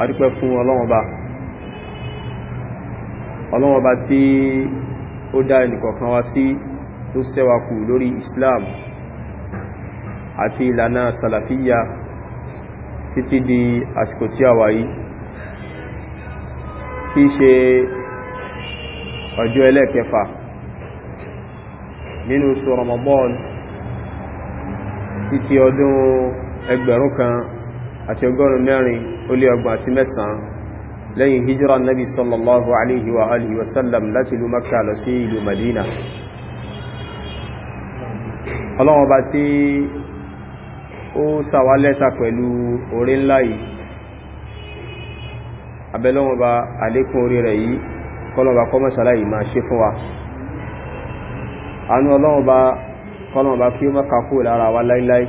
adúpẹ́ fún ọlọ́wọ́ba ọlọ́wọ́ba tí ó dá ẹnìkọ̀ọ̀kan wá sí tó sẹ́wàkù lórí Islam àti ìlànà salafiyya títí di àsìkò tí a wà yìí kí ṣe ọjọ́ ẹlẹ́kẹfà nínú oṣù Ramadan títí ọdún ẹgbẹ̀rún kan àti ọgọ́rùn mẹ́rin ó lé ọgbọ̀n àti mẹ́sàn-án lẹ́yìn hijira nabi sallallahu alaihi wa alihi wasallam láti ìlú makka lọ sí ìlú madina ọlọ́wọ́ba tí ó sàwálẹ́sà pẹ̀lú orí ńlá yìí abẹ́lọ́wọ́ba àlékún orí rẹ̀ yìí kọlọ̀wọ́ba kọmọ̀ṣàlá yìí máa ṣe fún wa anú ọlọ́wọ́ba kọlọ̀wọ́ba kí ó mọ́kàkó lára wa láíláí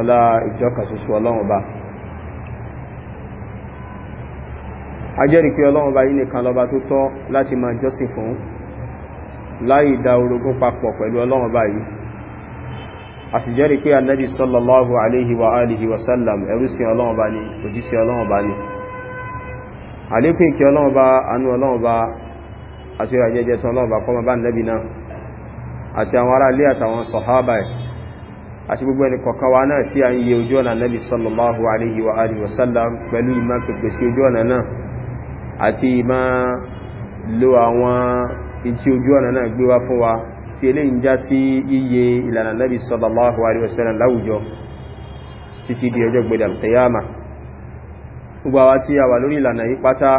ọlá ìjọkà ṣoṣo ọlọ́wọ́ba ajẹ́rìí pé ọlọ́run bá yìí nìkan lọ́ba tó tọ́ láti máa jọ́sìn fún láì dá orogún papọ̀ pẹ̀lú ọlọ́run bá yìí a sì jẹ́rìí pé annabi sallallahu alaihi wa alihi wa sallam ẹrú sí ọlọ́run bá ní òjíṣẹ́ ọlọ́run bá ní àlékún ìkẹ́ ọlọ́run bá anú ọlọ́run bá àti ìràjẹjẹ tán ọlọ́run bá kọ́mọ bá gbogbo ẹni kọ̀kan wa náà tí a ń yẹ ojú ọ̀nà annabi sallallahu alaihi wa alihi wa sallam pẹ̀lú ìmá pẹ̀pẹ̀ sí ojú ọ̀nà náà àti ìmá lo àwọn ìtí ojú ọ̀nà náà gbé wá fún wa tí eléyìí ń já sí iye ìlànà Nabi sallallahu alaihi wasallam láwùjọ títí di ọjọ́ gbẹ̀dẹ̀ alkiyama gbogbo àwa tí a wà lórí ìlànà yìí pátá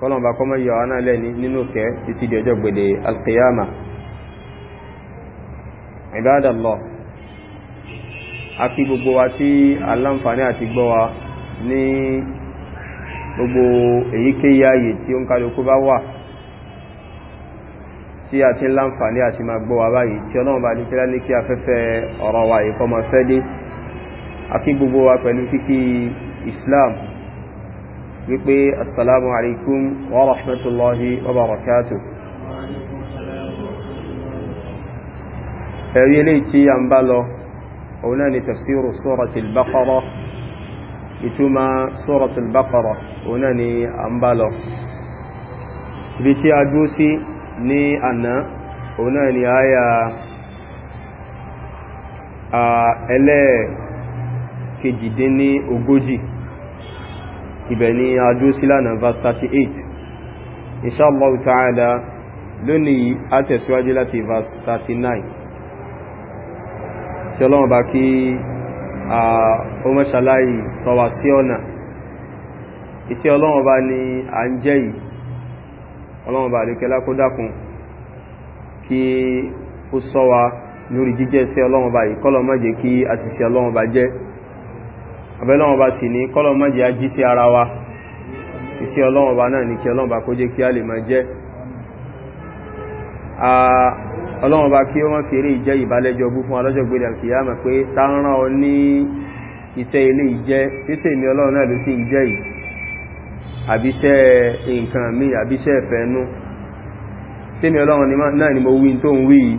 kọlọ̀mbà kọmọ yọ àwọn alẹ́ nínú kẹ títí di ọjọ́ gbẹ̀dẹ̀ kí gbogbo wa tí aláǹfààní àti gbọ́ ní gbogbo èyíkéyìí ààyè tí ó ń kálukú bá wà tí a ti ń láǹfààní àti máa gbọ́ wa báyìí tí ọlọ́run bá ní kílá ní kí afẹ́fẹ́ ọ̀rọ̀ wa ìkọ́ ma fẹ́ dé akí gbogbo wa pẹ̀lú kíkí islam wípé assalamu alaikum wa rahmatullahi wa barakatuh ẹ̀rí eléyìí tí a ń bá lọ òun náà ni tafsiru suratul ìtumá suratul baqara òun ni a ń bá lọ ibi tí a dúó sí ní àná òun ni àyà ẹlẹ́ẹ̀kejìdín ní ogójì ibẹ̀ ni a dúó sí lánàá verse 38 insha Allah lónìí a tẹ̀síwájú láti verse 39 tí ọlọ́wọ́ bá kí ọmọṣàláyì tọwà sí ọ̀nà iṣẹ́ ọlọ́run bá ní à ń jẹ́ yìí ọlọ́run bá lè kẹlá kó dákun kí ó ṣọ́ wa lórí jíjẹ́ iṣẹ́ ọlọ́run bá yìí kọ́lọ̀ má jẹ́ kí àṣìṣe ọlọ́run jẹ́ abẹ́lọ́run sì ní kọ́lọ̀ má jẹ́ sí ara wa iṣẹ́ ọlọ́run náà ní kí ọlọ́run kó jẹ́ kí a lè máa jẹ́ ọlọ́run bá kí wọ́n fi eré ìjẹ́ ìbálẹ́jọ bú fún alọ́jọ́ gbé dàkìyàmà pé ta ń rán ọ ní iṣẹ́ ilé ìjẹ́ iṣẹ́ ìmí ọlọ́run náà ló sí ìjẹ́ yìí àbíṣẹ́ nǹkan mi àbíṣẹ́ ẹ̀fẹ́nú sí mi ọlọ́run náà ni mo wí tó ń wí yìí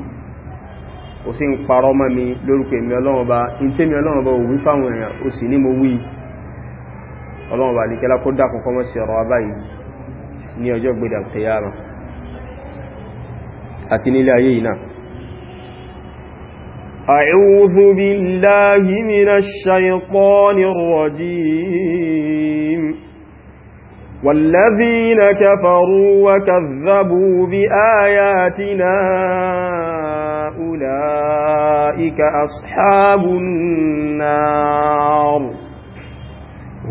ó sì ń parọ́ mọ́ mi lórúkọ èmi ọlọ́run bá in tí mi ọlọ́run bá ò wí fáwọn èèyàn ó sì ní mo wí ọjọ́ gbé dàkìyàmà àti nílé ayé أعوذ بالله من الشيطان الرجيم والذين كفروا وكذبوا بآياتنا أولئك أصحاب النار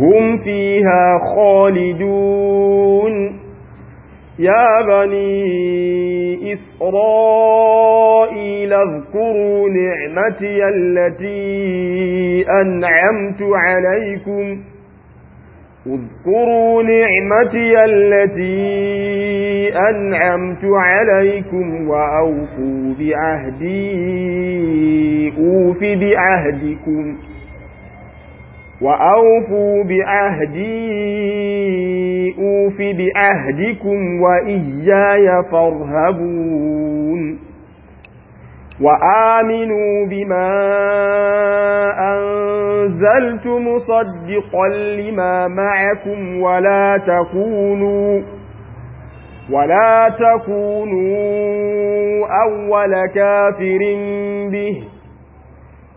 هم فيها خالدون يا بني إسرائيل اذكروا نعمتي التي أنعمت عليكم اذكروا نعمتي التي أنعمت عليكم وأوفوا بعهدي أوف بعهدكم وأوفوا بعهدي أوف بعهدكم وإياي فارهبون وآمنوا بما أنزلت مصدقا لما معكم ولا تكونوا ولا تكونوا أول كافر به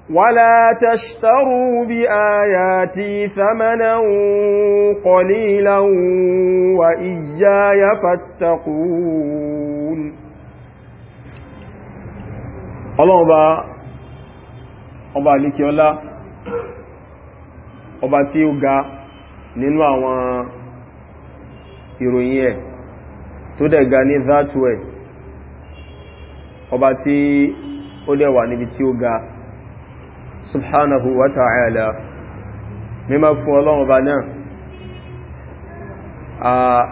ولا تشتروا بآياتي ثمنا قليلا وإياي فاتقون ọlọ́run ọba ọba àlékí ọlá ọba tí ó ga nínú àwọn ìròyìn ẹ̀ tó dẹ̀ ga ní that way ọba tí ó dẹ̀ wà níbi tí ó ga subhanahu wa ta'ala mímọ́ fún ọlọ́run bá náà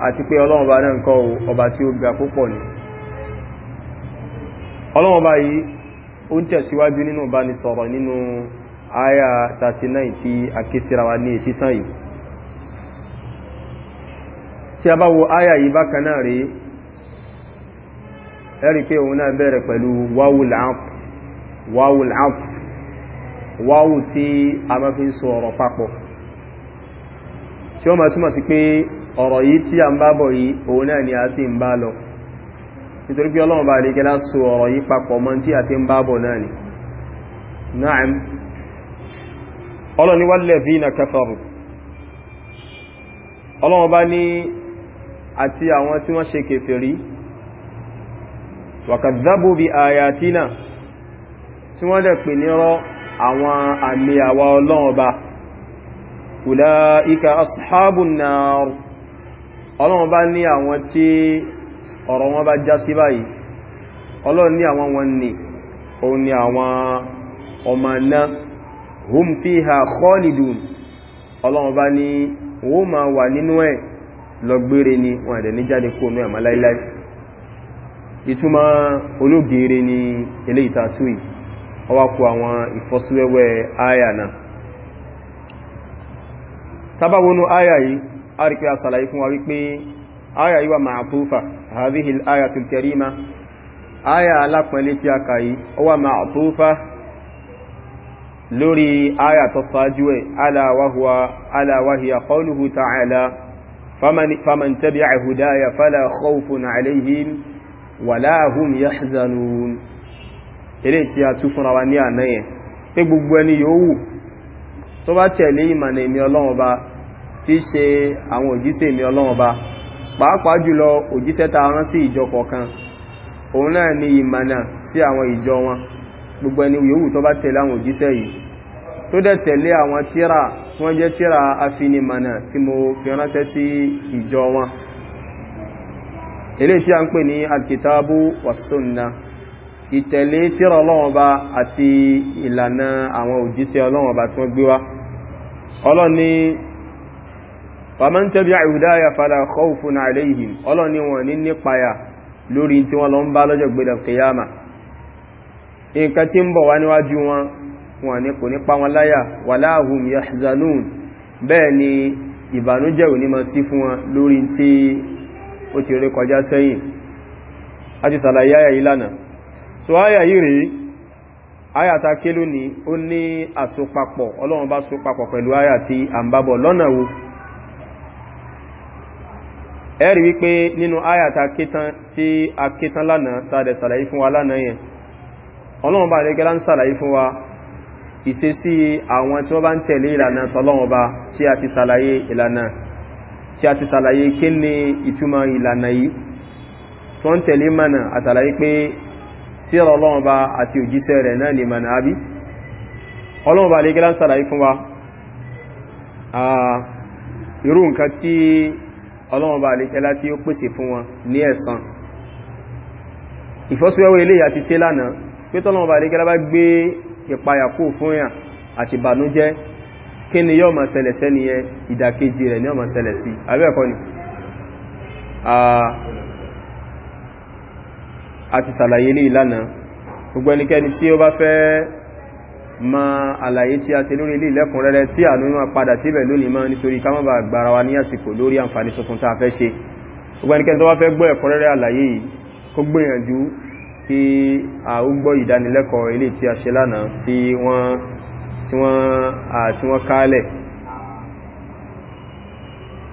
àti pé ọlọ́run bá náà kọ́ ọba tí ó gbà púpọ̀ ni ọlọ́run bá yìí ó ń tẹ̀síwájú nínú bá ní sọ̀rọ̀ nínú àyà 39 tí a ké síra wa ní èsítán yìí tí a bá wo àyà yìí bákan náà rí ẹ̀rí pé òun náà bẹ̀rẹ̀ pẹ̀lú wawul wáwù tí a máa fi ń so ọ̀rọ̀ papọ̀ tí ó máa túmọ̀ sí pé ọ̀rọ̀ yìí tí a ń bá bọ̀ yìí òun náà ni a sì ń bá lọ nítorí pé ọlọ́run bá lékẹ́ lásò ọ̀rọ̀ yìí na'am tí wọ́n dẹ̀ àwọn àmì àwa ọlọ́run ọba ulaika ashabun nar ní àwọn tí ọ̀rọ̀ wọn bá já sí báyìí ọlọ́ọ̀ ní àwọn wọn ní òun ni àwọn ọmọ náà hum fi ha ọlọ́run ọlọ́ọ̀ba ní ma wà nínú ẹ̀ ni wọ́n ní jáde kó àmà ọwá kú àwọn ìfọ́síwẹ́wẹ́ àyà náà tábàwọnú àyà yìí a rí pé a sàlàyé fún wa wípé àyà yìí wà ma'atufa hadhihi al-ayatu al-karima àyà alápẹ̀lẹ̀ tí a kà yìí ó wà ma'atufa lórí àyà tó sáájú ẹ̀ ala wa eléyìí tí a tú fúnra wa ní àná yẹn pé gbogbo ẹni yòówù tó bá tẹ̀lé ìmọ̀nà èmi ọlọ́run ba tí ṣe àwọn òjíṣẹ́ èmi ọlọ́run ba pàápàá jùlọ òjíṣẹ́ ta rán sí ìjọ kọ̀ọ̀kan òun náà ni ìmọ̀nà sí àwọn ìjọ wọn gbogbo ẹni yòówù tó bá tẹ̀lé àwọn òjíṣẹ́ yìí ìtẹ̀lé tírà ọlọ́run ọba àti ìlànà àwọn òjíṣẹ́ ọlọ́run ọba tí wọ́n gbé wá ọlọ́run ni faman tabi'a hudaya fala khawfun alayhim ọlọ́run ni wọ́n ní nípayà lórí tí wọ́n lọ ń bá lọ́jọ́ gbẹ̀dẹ̀ kìyàmà nǹkan tí ń so aya yiri aya ta kelu ni o ni asopapo olorun ba sopapo pelu aya ti ambabo lona wo eri wipe ninu ayata ta ketan a aketan lana ta de salayi fun wa lana yen olorun ba le ke lan salayi fun wa isesi awon ti won ba ntele ilana tolorun ba ti ati salaye ilana ti ati salaye kini ituma ilana yi to ntele mana asalaye pe tíra ọlọ́run bá àti òjíṣẹ́ rẹ̀ náà ni mọ̀nà àbí ọlọ́run bá lè gẹ́lá ń sàlàyé fún wa irú nǹkan tí ọlọ́run bá lè gẹ́lá tí ó pèsè fún wọn ní ẹ̀san ìfọ́síwẹ́wẹ́ ilé àti ṣe lánàá pé tọ́lọ́run bá ni yóò máa ṣẹlẹ̀ sẹ́niyẹn ìdàkejì rẹ̀ ni àti sàlàyé lè ìlànà gbogbo ẹnikẹ́ni tí ó bá fẹ́ ma àlàyé tí a ṣe lórí ilé ìlẹ́kùn rẹ̀rẹ̀ tí àánú padà síbẹ̀ lónìí máa nítorí ká má bàa gbára wa ní àsìkò lórí àǹfààní tuntun tá a fẹ́ ṣe gbogbo ẹnikẹ́ni tó bá fẹ́ gbọ́ ẹ̀kọ́ rẹ̀rẹ̀ àlàyé yìí kó gbìyànjú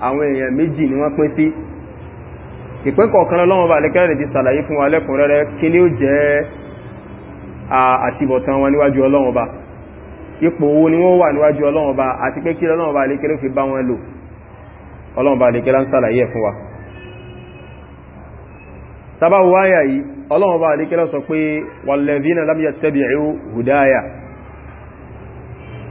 àwọn èèyàn méjì ni wọ́n pín sí ìpín kọ̀ọ̀kan lọ́wọ́ bá lẹ́kẹ́rẹ̀ ti sàlàyé fún wa lẹ́kùnrẹ́rẹ́ kí ni ó jẹ́ àtibọ̀tán wọn níwájú Ọlọ́run ipò owó ni wọ́n wà níwájú Ọlọ́run àti pé kí Ọlọ́run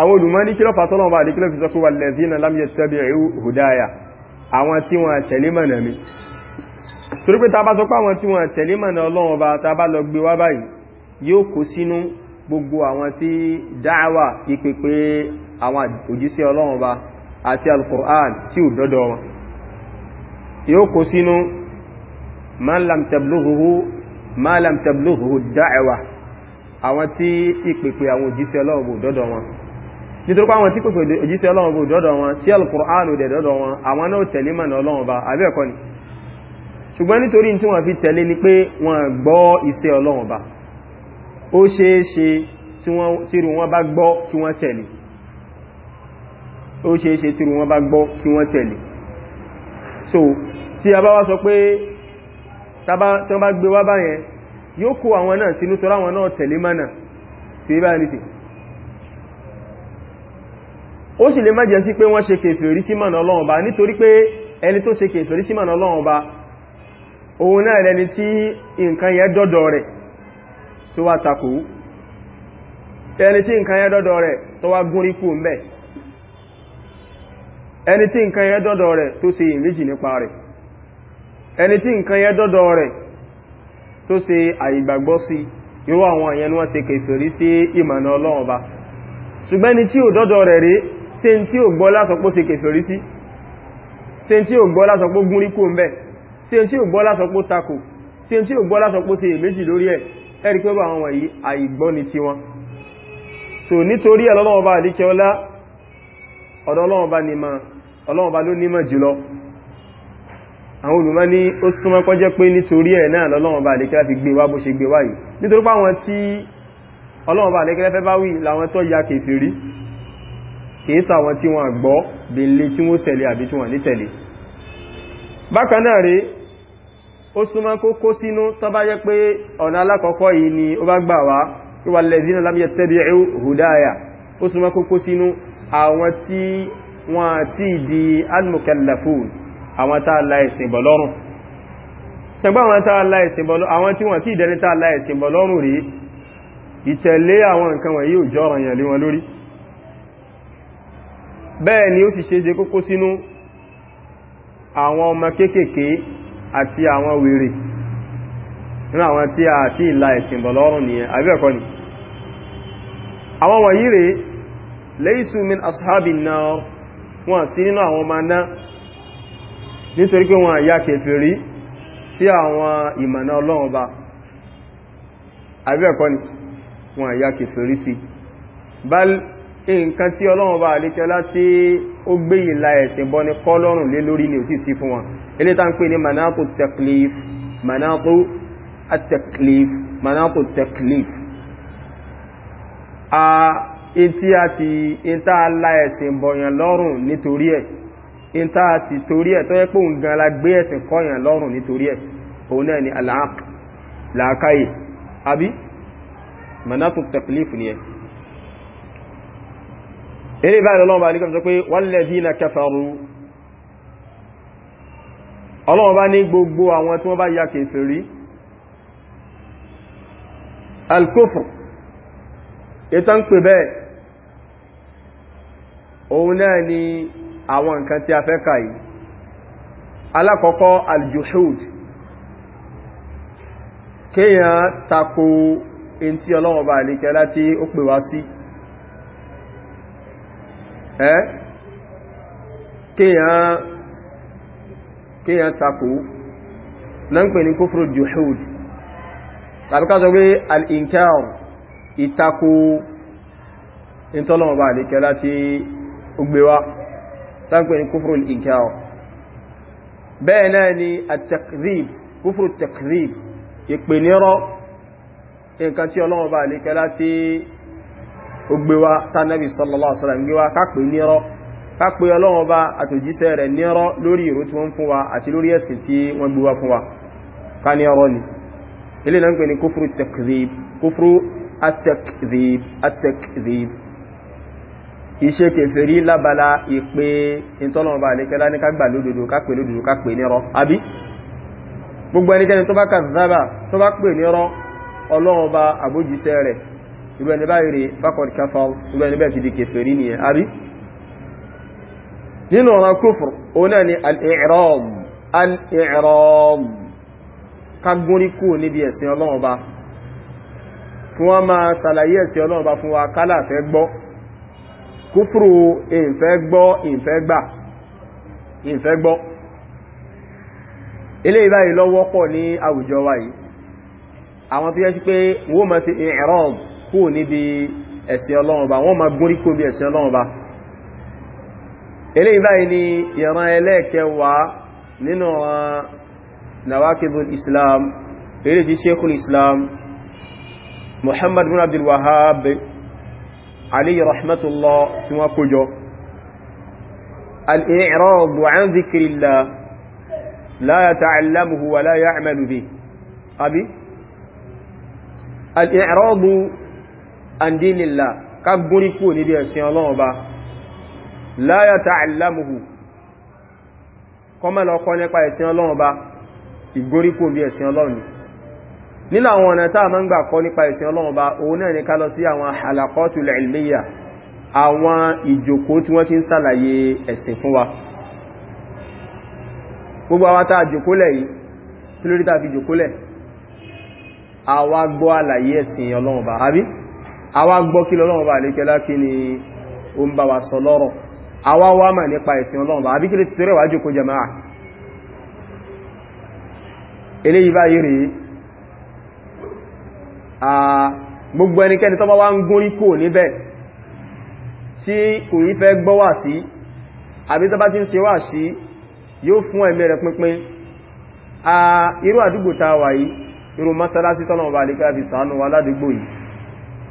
àwọn olùmọ́ní kí lọ́fà tọ́lọ̀ bá àdíkílọ́ fi sọ́kú wà lẹ́zínà lámìyà tẹ́bí ẹ̀rù hùdáyà àwọn tí wọ́n tẹ̀lé mọ̀nà mi torí pé tàbá sọpá àwọn tí wọ́n tẹ̀lé mọ̀nà ọlọ́run bá tàbá lọ gbé wá báyìí yóò kó sínú gbogbo àwọn tí dáwà ìpèpè àwọn òjíṣẹ́ ọlọ́run dọ́dọ̀ wọn nítorí pàwọn tí pèpè òjíṣẹ́ ọlọ́run bó dọ́dọ̀ wọn tí alkùránù dẹ̀ dọ́dọ̀ wọn àwọn náà tẹ̀lé mọ̀nà ọlọ́run bá àbí ẹ̀kọ́ ni ṣùgbọ́n nítorí tí wọ́n fi tẹ̀lé ni pé wọ́n gbọ́ iṣẹ́ ọlọ́run bá ó ṣeé ṣe tí wọ́n bá gbọ́ kí wọ́n é ṣe tí wọ́n bá gbọ́ kí wọ́n tẹ̀lé so tí a bá wá sọ pé tí wọ́n bá gbé wá báyẹn yóò ó sì lè má jẹ́ sí pé wọ́n ṣe kèfèrí sí mọ̀nà ọlọ́run ba nítorí pé ẹni tó ṣe kèfèrí sí mọ̀nà ba òun náà lẹni tí nǹkan yẹ dọ́dọ̀ rẹ̀ tó wá takò ẹni tí nǹkan yẹ dọ́dọ̀ rẹ̀ tó wá gúnrí kú mẹ́ ẹni tí nǹkan yẹ dọ́dọ̀ rẹ̀ tó ṣe ìméjì nípa rẹ̀ ẹni tí nǹkan yẹ dọ́dọ̀ rẹ̀ tó ṣe àìgbàgbọ́ ni sí ìmọ̀nà ṣùgbẹ́ni tí ò ṣe tí ò gbọ́ lásọpọ̀ ṣe kèfèrí sí ṣe tí ò gbọ́ lásọpọ̀ gúnrí kò ń bẹ̀ ṣe tí ò gbọ́ lásọpọ̀ takò ṣe tí ò gbọ́ lásọpọ̀ ṣe èméjì lórí ẹ̀ ẹ̀rí pé àwọn wọ̀nyí àìgbọ́ ni ti wọn so nítorí ẹ̀ lọ́wọ́ bá àdíkẹ́ ọlá ọ̀dọ̀ Ọlọ́run bá ló nímọ̀ jùlọ àwọn olùmọ̀ ní ó súnmọ́ kọ́ jẹ́ pé nítorí ẹ̀ náà lọ́lọ́run bá àdíkẹ́ láti gbé wá bó ṣe gbé wá yìí nítorí pàwọn tí Ọlọ́run bá àdíkẹ́ lẹ́fẹ́ bá ya kèfèrí kìí sàwọn tí wọ́n gbọ́ bí lè tí wọ́n tẹ̀lé àbí tí wọ́n ní tẹ̀lé bákan náà rí ó súnmọ́ kó kó sínú tó bá yẹ pé ọ̀nà alákọ̀ọ́kọ́ yìí ni ó bá gbà wá wà lẹ́dínà lábíyẹ tẹ́bí ẹ̀hù di almukallafun àwọn tá láìsìn bọ̀ lọ́rùn ṣẹgbọ́n àwọn tá láìsìn bọ̀ lọ́rùn àwọn tí wọ́n ti dẹni tá bẹ́ẹ̀ ni ó sì ṣe jẹ kókó sínú àwọn ọmọ kéékèèké àti àwọn wèrè nínú àwọn tí a ti ìlà ẹ̀sìn bọ̀ lọ́rùn àbí ẹ̀kọ́ ni àwọn wọ̀nyí rèé laysu min ashabin nar wọ́n sí nínú àwọn ọmọ náà nítorí pé wọ́n àyà kèfèrí sí àwọn ìmọ̀nà ọlọ́run ba àbí ẹ̀kọ́ ni wọ́n àyà kèfèrí sí bal nǹkan tí ọlọ́run bá àlékẹ́ láti ó gbé ìlà ẹ̀sìn bọ́ ní kọ́lọ́rùn lé lórí ní òtí sí fún wọn ilé tá ń pè ní manatu taklif manatu at-taklif manatu taklif a in tí a ti in tá a la ẹ̀sìn bọ̀yàn lọ́rùn nítorí ẹ̀ in tá a ti torí ẹ̀ tó yẹ pé òun gan la gbé ẹ̀sìn kọ́yàn lọ́rùn nítorí ẹ̀ òun náà ni al-aql làákàyè àbí manatu taklif ni ẹ̀ eré báyìí ọlọ́run bá nígbàmí sọ pé walladhina kafaru ọlọ́run bá ní gbogbo àwọn tí wọ́n bá ya kèfèrí al-kufr ètò ń pè bẹ́ẹ̀ òun náà ni àwọn nǹkan tí a fẹ́ kà yìí alákọ̀ọ́kọ́ al-juhud kéèyàn tako in tí ọlọ́run bá nígbàmí láti ó pè wá sí si ẹ́ kíyàn takò na ń pè ní kófòrò juhud tàbí ká sọ pé al-inkar ìtakò ìtọ́lọ̀mọ̀bá àdíkẹ́ láti ogbewa ta ń pè ní kófòrò al-inkar bẹ́ẹ̀ náà ni at-takdhib kófòrò at-takdhib nǹkan tí ọlọ́mọ̀bá àdíkẹ́ láti ó gbé wá tánàbí sallallahu alaihi wasallam gbé wá kápẹ́ nírọ́ kápẹ́ ọlọ́run ọba àtòjíṣẹ́ rẹ̀ nírọ́ lórí ìró tí wọ́n fún wa àti lórí ẹ̀sìn tí wọ́n gbé wá fún wa ká ní ọrọ́ ni ilé náà ń pè ní kófúrú tẹkzib kófúrú bá àbójíṣẹ́ rẹ̀ irú ẹni báyìí rè faqad kafar irú ẹni bẹ́ẹ̀ ti di kèfèrí nìyẹn àbí nínú ọ̀rọ̀ kúfùr òun náà ni al-i'rab al-i'rab kagbórí kú níbi ẹ̀sìn ọlọ́run ọba kí wọ́n máa ṣàlàyé ẹ̀sìn ọlọ́run ọba fún wa kálà fẹ́ gbọ́ kúfùrù ìfẹ́ gbọ́ ìfẹ́ gbọ́ ilé ìbáyìí lọ́wọ́pọ̀ ní àwùjọ wa kúrò níbi ẹ̀sìn ọlọ́run ba wọ́n ma gúnrí kó bí ẹ̀sìn ọlọ́run ba eléyìí báyìí ni ìran ẹlẹ́ẹ̀kẹwàá nínú ọ̀ràn nawakidul islam eré tí sheikhul islam muhammad bin abdul wahab alayhi rahmatullah tí wọ́n kójọ al-i'radu an dhikrillah la yata'allamuhu àndínilà ká gúnrí kú níbi ẹ̀sìn ọlọ́run ba láyàtà àìlámùhù kọmọ́lọ kọ́ nípa ẹ̀sìn ọlọ́run ba ìgúnrí kú níbi ẹ̀sìn ọlọ́run nínú àwọn ọ̀nà táà máa ń gbà kọ́ nípa ẹ̀sìn ọlọ́run ba òun náà ni ká lọ sí àwọn halaqatul ilmiya àwọn ìjókòó tí wọ́n ti ń sàlàyé ẹ̀sìn fún wa gbogbo àwọn tàà jòkólẹ̀ yìí tí lórí tàà fi jòkólẹ̀ àwa gbọ́ àwa gbọ́ kí lọ́lọ́wọ́ bá lè kẹ́lá ni ó ń bá wa sọ lọ́rọ̀ àwa wá mà nípa ẹ̀sìn ọlọ́run bá àbíkí lè tẹ́rẹ̀ wájú kó jẹmáà eléyìí báyìí rí à gbogbo ẹnikẹ́ni tó bá wá ń gún kò níbẹ̀ tí kò rí fẹ́ gbọ́ wà sí àbí tó ti ń ṣe wà sí yóò fún ẹ̀mí rẹ̀ pínpín à irú àdúgbò tá a wà yìí irú mọ́sálásí tọ́lọ̀ wà lè kẹ́ àfi sàánú wa yìí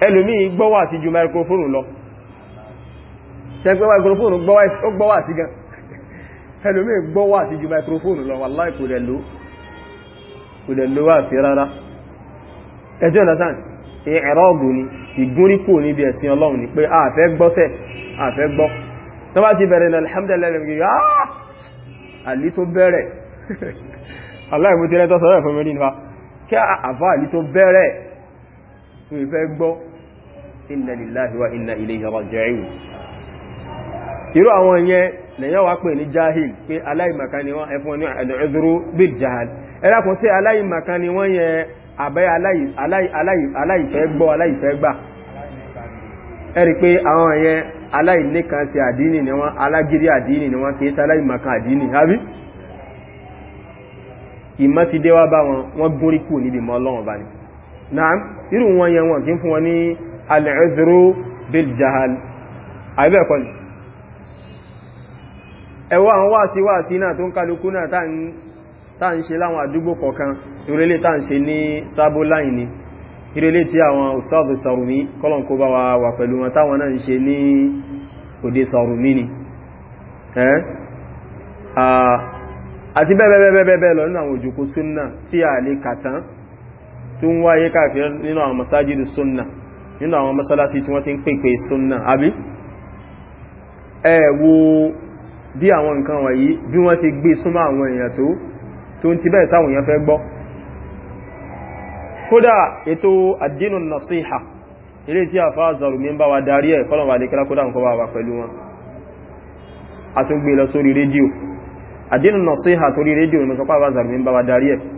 ẹlòmí gbọ́wà sí ju microphone lọ ṣẹgbẹ́ microphone gbọ́wà sí gan ẹlòmí gbọ́wà sí ju microphone lọ wallahi kò lè lò wà sí rárá ẹjọ́ ìdásán ẹ̀rọ ọgbò ni ìgúnríkò níbi ẹ̀sìn ọlọ́run ni pé a fẹ́ gbọ́sẹ̀ a fẹ́ gbọ́ tó bá ti bẹ̀rẹ̀ ní alhamdulillah àlí ah! tó bẹ̀rẹ̀ aláìmútẹ́lẹ́tọ́ sọ́rọ̀ fún mẹ́rin wa kí àfáà àlí tó bẹ̀rẹ̀ ìfẹ́ gbọ́ inna lillahi wa inna ilayhi raji'un irú àwọn yẹn lèyàn wá jahil pé aláìmọ̀kan ni bil jahal ni wọ́n yẹn àbẹ́ aláìfẹ́ gbọ́ aláìfẹ́ gbà ẹ̀rí pé àwọn sí àdínì ni ni wọ́n kìí sáláìmọ̀kan àdínì hábí ìmọ́sídéwà bá wọn wọ́n gúnrí kù níbi mọ́ ọlọ́wọ̀n bá ní náà al-udhru bil-jahal àìbẹ̀ kọ́ ni ẹwọ́ àwọn wáàsí wáàsí náà tó ń kálukú náà tá ń ṣe láwọn àdúgbò kọ̀ọ̀kan ìrẹ́lé tá ń ṣe ní sábó láì ni ìrẹ́lé tí àwọn ustaz Sarumi kọ́lọ̀nkó bá wa wà pẹ̀lú wọn táwọn náà ń nínú àwọn mọ́sálásí tí wọ́n ti ń pèpè súnnà àbí ẹ wo bí àwọn nǹkan wọ̀nyí bí wọ́n ti gbé súnmọ́ àwọn èèyàn tó tó ń ti bẹ́ẹ̀ sáwọn èèyàn fẹ́ gbọ́ kódà ètò àdínù nasiha ilé tí a fa zarumi ń bá wa darí ẹ̀ kọ́lọ̀wà alékẹ́lá kódà ń kọ́ bá wa pẹ̀lú wọn a tún gbé lọ sórí rédíò àdínù nasiha torí rédíò ní sọpá fa zarumi ń bá wa darí ẹ̀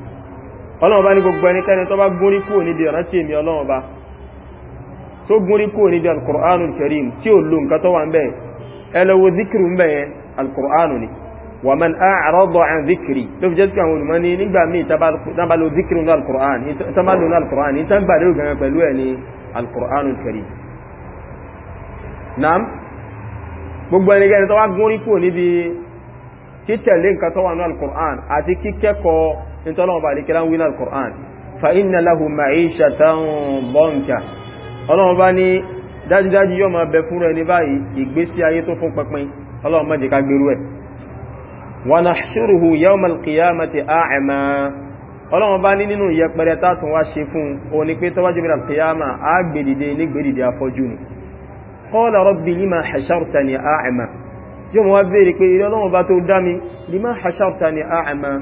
ọlọ́run bá ní gbogbo ẹnikẹ́ni tó bá gúnrí kúrò níbi ìrántí èmi ọlọ́run bá tó gúnrí kúrò níbi alkùránù karim tí ó lò nǹkan tó wà ń bẹ̀ ẹlẹ́wọ̀ zikiru ń bẹ̀ yẹn alkùránù ni wà man a'rada an zikiri ló fi jẹ́ sí àwọn olùmọ́ ní nígbà míì tábà lo kíkẹ́kọ̀ọ́ nítorí ọba àdíkẹ́lá ń wí náà Qur'an fa inna lahu ma'ishatan banka ọlọ́run bá ní dájúdájú yóò máa bẹ fún rẹ̀ ní báyìí ìgbésí ayé tó fún pẹpin ọlọ́run má jẹ́ ká gbérú ẹ̀ wa nahshuruhu yawmal qiyamati a'ma ọlọ́run bá ní nínú ìyẹpẹrẹ tátùn wá ṣe fún òun ni pé tọ́wájú bí al-qiyama ni qala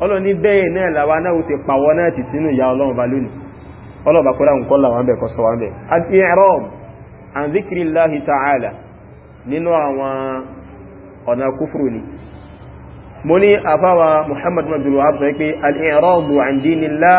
ọlọ́run ní bẹ́ẹ̀ náà làwa náà ó ti pàwọ́ náà ti sínú ìyá ọlọ́run bá lónìí ọlọ́run bá kọ́lá nǹkan làwọn bẹ̀ kọ́ sọ wọn bẹ̀ al-i'rab an dhikrillahi ta'ala nínú àwọn ọ̀nà kúfùrù ni mo ní àfáwà Muhammad abdul wahab sọ pé al-i'rab an dinillah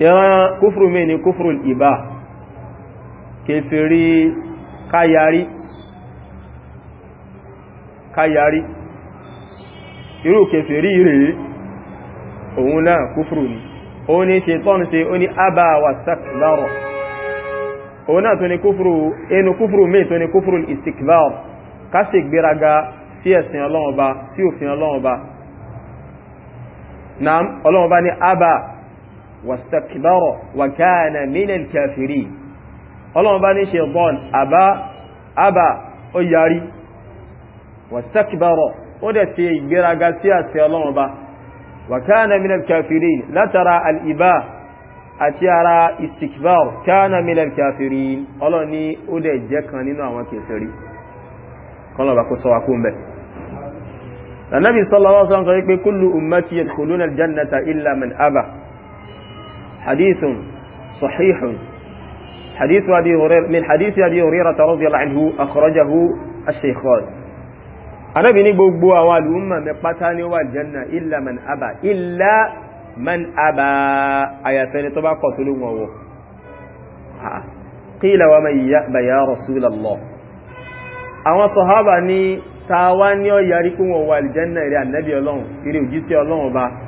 ìran kúfùrù mí ní kúfùrù ìbá kèfèrí káyàrí káyàrí irú kèfèrí rẹ̀ òun náà kúfùrù ní ó ní ṣe tọ́nù sí ó ní àbá wà stakbárọ̀ òun náà tó ní kúfùrù ẹnu kúfùrù mí tó ní kúfùrù istikbárọ̀ kásì gbéraga sí ẹ̀sìn ọlọ́ọ̀ba sí òfin ọlọ́ọ̀ba wastakbaro wa kana minal kafirin ọlọ́run bá ní ṣẹ̀tọ́n àbá àbá ó yarí wastakbaro ó dẹ̀ sí ìgbéraga sí àti ọlọ́run bá wa kana minal kafirin látara al'ibá àti ara istikbar kana minal kafirin ọlọ́run ní ó dẹ̀ jẹ́ kan nínú àwọn kèfèrí kọlọ̀bà kó sọ wakún bẹ̀ lànàbí حديث صحيح حديث أبي هريرة من حديث أبي هريرة رضي الله عنه أخرجه الشيخان أنا بني بوبو أوال أمة مقتاني والجنة إلا من أبى إلا من أبى آياتين طبعا قتلوا وهو قيل ومن يأبى يا رسول الله àwọn sọ̀hábà ní tàwa ní ọ̀yàrí kún wọ̀wọ̀ الله ìrẹ́ ànẹ́bí ọlọ́run ìrẹ́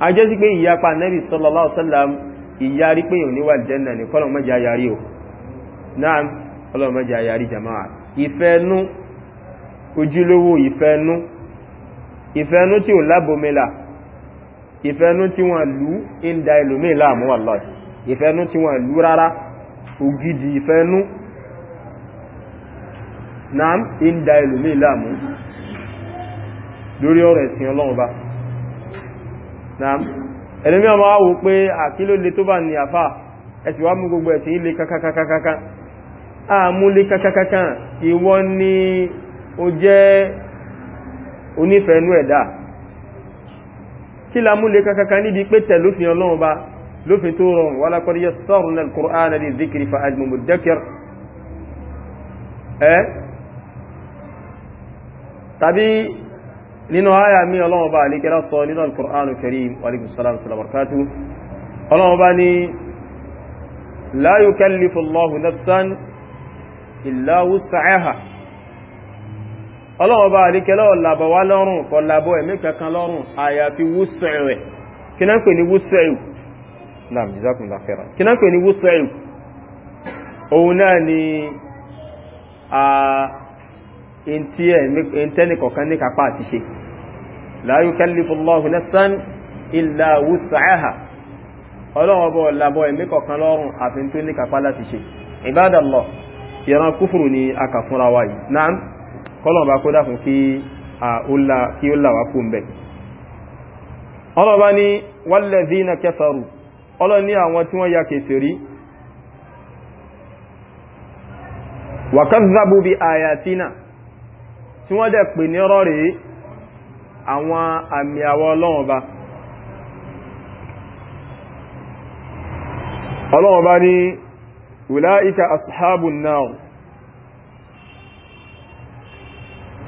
a jẹ́ sí pé ìyapa nẹ́bì sallallahu alaihi wasallam ìyárí pé yìí níwà jẹ́nà ní kọ́lọ̀ mọ́jẹ́ ayarí o náà kọ́lọ̀ mọ́jẹ́ ayarí jama'a ìfẹ́nú ojúlówó ìfẹ́nú ìfẹ́nú tí ò lábòmílà ìfẹ́nú tí wọ́n lú ń da ẹlòmí láàmú wallahi ìfẹ́nú tí wọ́n lú rárá ògidì ẹ̀lẹ́mí ọmọ wá wò pé àkílò lè tó bá ní àfà ẹ̀sì wá mú gbogbo ẹ̀sì ilé kakakakaka àmúlé kakakaka ìwọ ni ó jẹ́ onífẹ̀ẹ́nú ẹ̀dá kí la múlé kakaka níbi pé tẹ̀lófin ọlọ́run bá lófin nínú àyà mi ọlọ́wọ́ bá ní kẹ́lá sọ nínú al-Qur'an al-Karim wàlíkù sálàmù sálàmùkátù ọlọ́wọ́ bá ní la yukallifu Allahu nafsan illa wus'aha ọlọ́wọ́ bá ní kẹ́lá ọ̀làbà wá lọ́rùn kọ làbọ̀ ẹ̀mí ntí ẹ̀ ntẹ́nìkọ̀kan ní kápá àti ṣe la yukallifu illa wusaaha ọlọ́wọ́ bọ̀ làbọ̀ ẹ̀mí kọ̀kan lọ́rùn àfi tó ní kápá láti ṣe ibadallah ìran kúfùrù ni a kà fúnra wa yìí náà kọ́lọ̀bà kó dákun kí ó là kú ń bẹ̀ ọlọ́bá ọlọ́ ya tí wọ́n dẹ̀ pè ní rọ́rí àwọn àmì àwọ ọlọ́run ọba ọlọ́run ọba ní wùláìka ashabun náà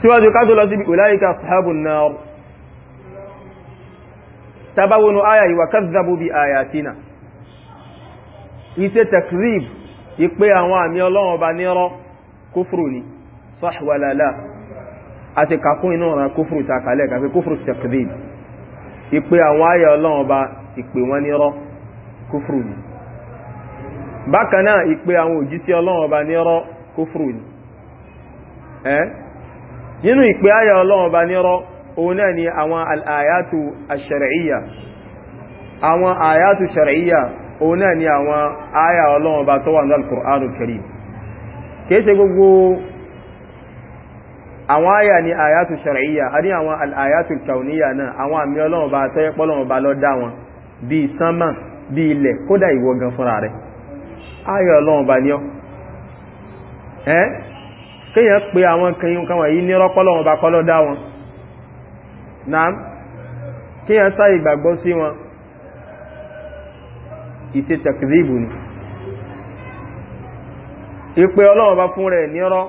síwájú ká tó lọ sí wùláìka ashabun náà tabawonu aya yìí wà kazzabu bí ayatina iṣẹ́ takrib ìpé àwọn àmì ọlọ́run ọba nírọ́ kúfrù ni sahwalala a ṣe kàkún iná ọ̀ràn kófùrù ta kàlẹ̀ kàfẹ́ kófùrù tẹ̀kìdìd ìpè àwọn ayé ọlọ́run ọba ìpè wọn nírọ́ kófùrù ni bákan náà ìpè àwọn òjíṣẹ́ ọlọ́run ọba nírọ́ kófùrù ni ẹ́ nínú ìpè ayé ọlọ́run ọba nírọ́ òun náà ni àwọn àyàtù àṣẹ̀rẹ̀íyà àwọn àyàtù ṣẹ̀rẹ̀íyà òun náà al-Qur'anul Karim kìí ṣe àwọn àyà ni àyàtù ṣàràíyà a ní àwọn àyàtù kàuníyà náà àwọn àmì ọlọ́run bá tẹ́yẹ́ pọ́lọ́run bá lọ dá wọn bí sánmà bí ilẹ̀ kódà ìwọ gan fúnra rẹ̀ àyà ní ni bá fún rẹ̀ ní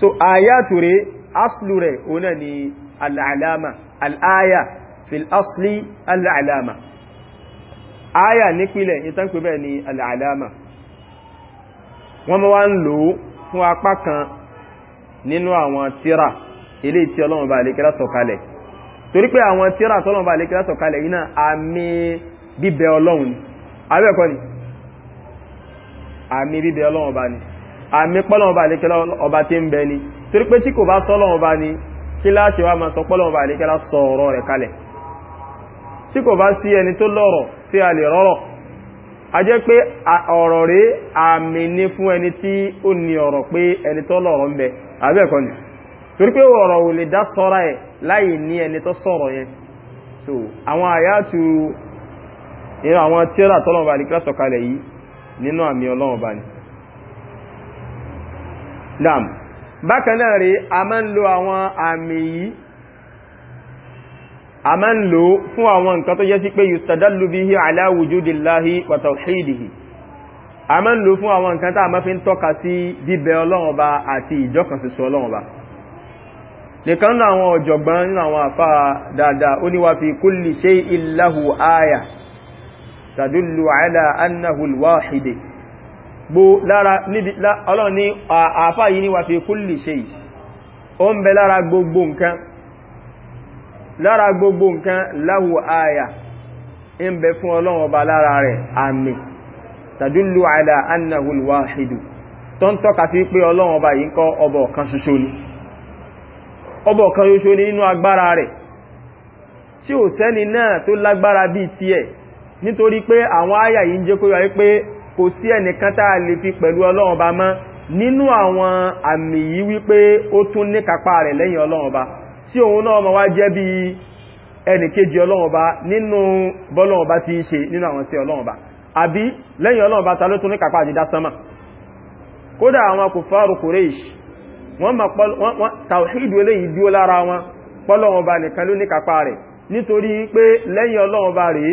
so ayatu re aslu re ona ni al'alama al'aya fil asli al'alama aya nípìlẹ̀ ìtàn pé bẹ́ẹ̀ ni al'alama wọ́n mọ́ wá ń lò fún ninu kan nínú ile tírà ilé tí ọlọ́run bá lè kíra sọ̀kalẹ̀ torí pé àwọn tírà tọ́lọ́run bá lè kíra sọ̀kalẹ̀ iná àmì bíbẹ ọlọ́run abẹ́ẹ̀kọ́ ni àmì bíbẹ ọlọ́run bá ni àmì pọ́lọ̀wọ̀n bá àlékẹ́lá ọba tí ń bẹ ni torí pé tí kò bá sọ́lọ̀wọ̀n bá ní kí láṣẹ wá máa sọ pọ́lọ̀wọ̀n bá àlékẹ́lá sọ̀rọ̀ rẹ̀ kalẹ̀ tí kò bá sí ẹni tó lọ́rọ̀ sí a lè rọ́rọ̀ a jẹ́ pé ọ̀rọ̀ rẹ̀ àmì ní fún ẹni tí ó ní ọ̀rọ̀ pé ẹni tó lọ́rọ̀ ń bẹ abẹ́ẹ̀kọ́ ni naam bákan náà rí a máa ń lo àwọn àmì yìí a máa ń lo fún àwọn nǹkan tó yẹ sí pé yustadallu bihi ala wujudillahi wa tawhidihi a máa ń lo fún àwọn nǹkan tá a máa fi ń tọ́ka sí bíbẹ Ọlọ́run Ọba àti ìjọkànṣoṣo Ọlọ́run Ọba nìkan gbó lára níbi ọlọ́run ní àfá yìí ní wà fi kulli shay o ń bẹ lára gbogbo nǹkan lára gbogbo nǹkan lahu àyà ń bẹ fún ọlọ́run ọba lára rẹ̀ àmì tadullu ala annahu al-wahidu tó ń tọ́ka sí pé ọlọ́run ọba yìí kọ́ ọbọ̀ kan ṣoṣo ni ọbọ̀ kan ṣoṣo ni nínú agbára rẹ̀ kò sí ẹnìkan tá a lè fi pẹ̀lú ọlọ́run ọba mọ́ nínú àwọn àmì yìí wípé ó tún ní kápá rẹ̀ lẹ́yìn ọlọ́run ọba tí òun náà ma wá jẹ́ bí ẹnìkejì ọlọ́run ọba nínú bọ́lọ́run ọba ti ṣe nínú àwọn sí ọlọ́run ọba àbí lẹ́yìn ọlọ́run ọba ta ló tún ní kápá àti dásánmà kódà àwọn kòfàrù kòrèṣì wọ́n ma tàwíìdù eléyìí dúó lára wọn pọ́lọ́run ọba nìkan ló ní kápá rẹ̀ nítorí pé lẹ́yìn ọlọ́run ọba rèé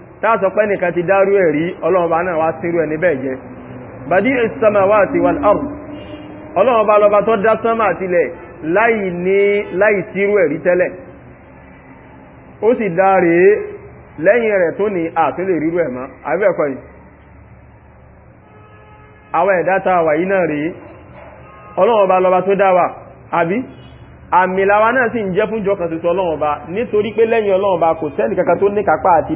táàsọ pé nìkan ti dárú ẹ̀ ọlọ́ọ̀bá náà wá sírú ẹ̀ níbẹ̀ jẹ́ badi'u samawati wal ard ọlọ́ọ̀bá lọba tó dá sánmà tilẹ̀ láì ní láì sírú ẹ̀rí tẹ́lẹ̀ ó sì dáre lẹ́yìn rẹ̀ tó ní àtúlè rírú wa sì ń jẹ́ fún ọlọ́ọ̀bá nítorí pé lẹ́yìn ọlọ́ọ̀bá kò sẹ́nì kankan tó ní kápá àti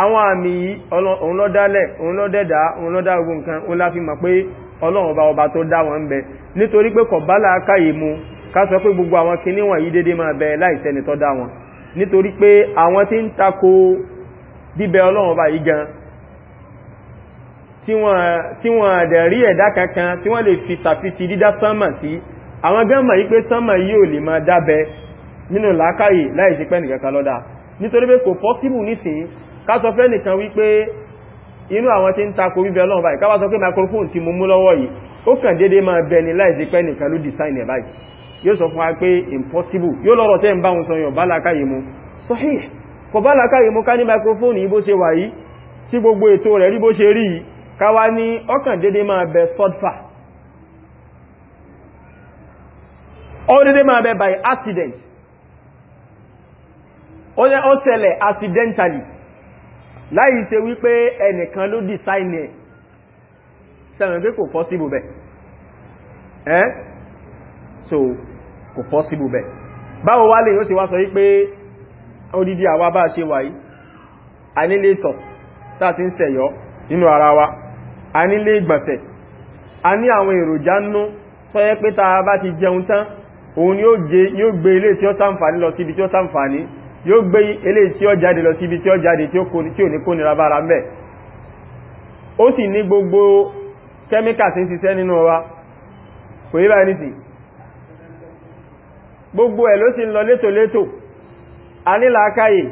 àwọn àmì yìí òun ló dálẹ̀ òun ló dẹ̀dá òun ló dá ogun nǹkan òun láfi mọ̀ pé ọlọ́run ọba ọba tó dá wọn ń bẹ nítorí pé kò bá làákàyè mu ká pé gbogbo àwọn kinní wọ̀nyí dédé máa bẹ láìsẹni tó dá wọn nítorí pé àwọn tí ń tako bíbẹ ọlọ́run ọba yìí gan tí wọ́n dẹ̀ rí ẹ̀dá kankan tí wọ́n lè fi dídá sánmà ká sọ fẹ́ nìkan wípé inú àwọn tí ń takò wíbẹ̀ ọlọ́run báyìí ká wá sọ pé microphone tí mo mú lọ́wọ́ yìí ó kàn dédé máa bẹ láìsí pé nìkan ló design ẹ̀ báyìí yóò sọ fún wa pé impossible yóò lọ́rọ̀ tẹ́ ń bá wọn sọyàn bá lákàyè mu sọ́hí kò bá lákàyè mu ká ní microphone yìí bó ṣe wà yìí tí gbogbo ètò rẹ̀ rí bó ó kàn accident ó accidentally láì ṣe wípé ẹnìkan ló design ẹ̀ sẹ́wọ̀n pé kò possible bẹ̀ ẹ́ so kò possible bẹ̀ báwo wá lè yóò sì wá sọ wípé odidi àwa bá ṣe wà yìí a nílé ìtọ̀ tàti ń sẹ̀yọ́ nínú ara wa a nílé ìgbọ̀nsẹ̀ a ní àwọn èròjà nú tó yẹ pé ta bá ti jẹun tán òun ni yóò gbé ilé tí ó ṣàǹfààní lọ síbi tí ó ṣàǹfààní yóò gbé ilé tí ó jáde lọ ibi tí ó jáde tí ò ní kó nira bára mẹ́ ó sì ní gbogbo kẹ́míkà tí ń ṣiṣẹ́ nínú wa kò yí báyìí nìsí gbogbo ẹ̀ ló sì ń lọ a ní làákàyè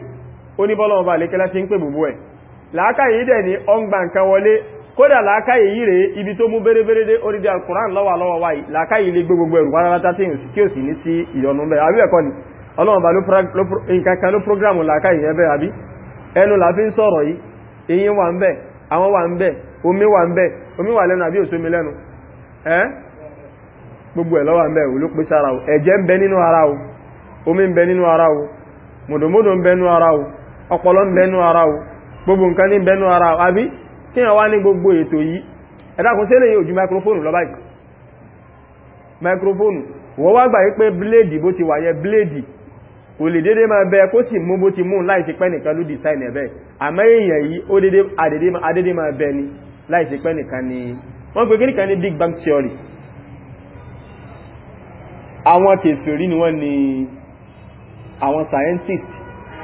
ó ní bọ́lọ̀ ọba àlékẹ́lá ṣe ń pè gbogbo ẹ̀ làákàyè yìí ní ọgbà nǹkan wọlé kódà làákàyè yìí rèé ibi tó mú bérebére dé orí di lọ́wà lọ́wà wáyìí làákàyè ẹ̀rù tí ò sì ní sí ìyọnu mẹ́ ni ọlọ́run bá nǹkan kan ló prógrámù làákà ìyẹn bẹ́ àbí ẹnu la fi ń sọ̀rọ̀ yìí eyín wà ń bẹ àwọn wà ń bẹ omi wà ń bẹ omi wà lẹ́nu àbí òsómi lẹ́nu ẹ́ gbogbo ẹ̀ lọ́wà ń bẹ ló pèsè ara o ẹ̀jẹ̀ ń bẹ nínú ara o omi ń bẹ nínú ara o mòdòmódò ń bẹ nínú ara o ọpọlọ wọ́n wá microphone lọ báyìí microphone wọ́n wá gbà yí pé bléèdì bó ti wà yẹ bléèdì kò lè dédé máa bẹ kó sì mú bó ti mú láìsí pẹ́ nìkan ló dìsáìnì ẹ̀bẹ̀ àmọ́ èèyàn yìí ó dédé adédé máa bẹ ni láìsí pẹ́ nìkan ni wọ́n pè kíníkan ní big bang theory àwọn kèfèrí ni wọ́n ni àwọn scientist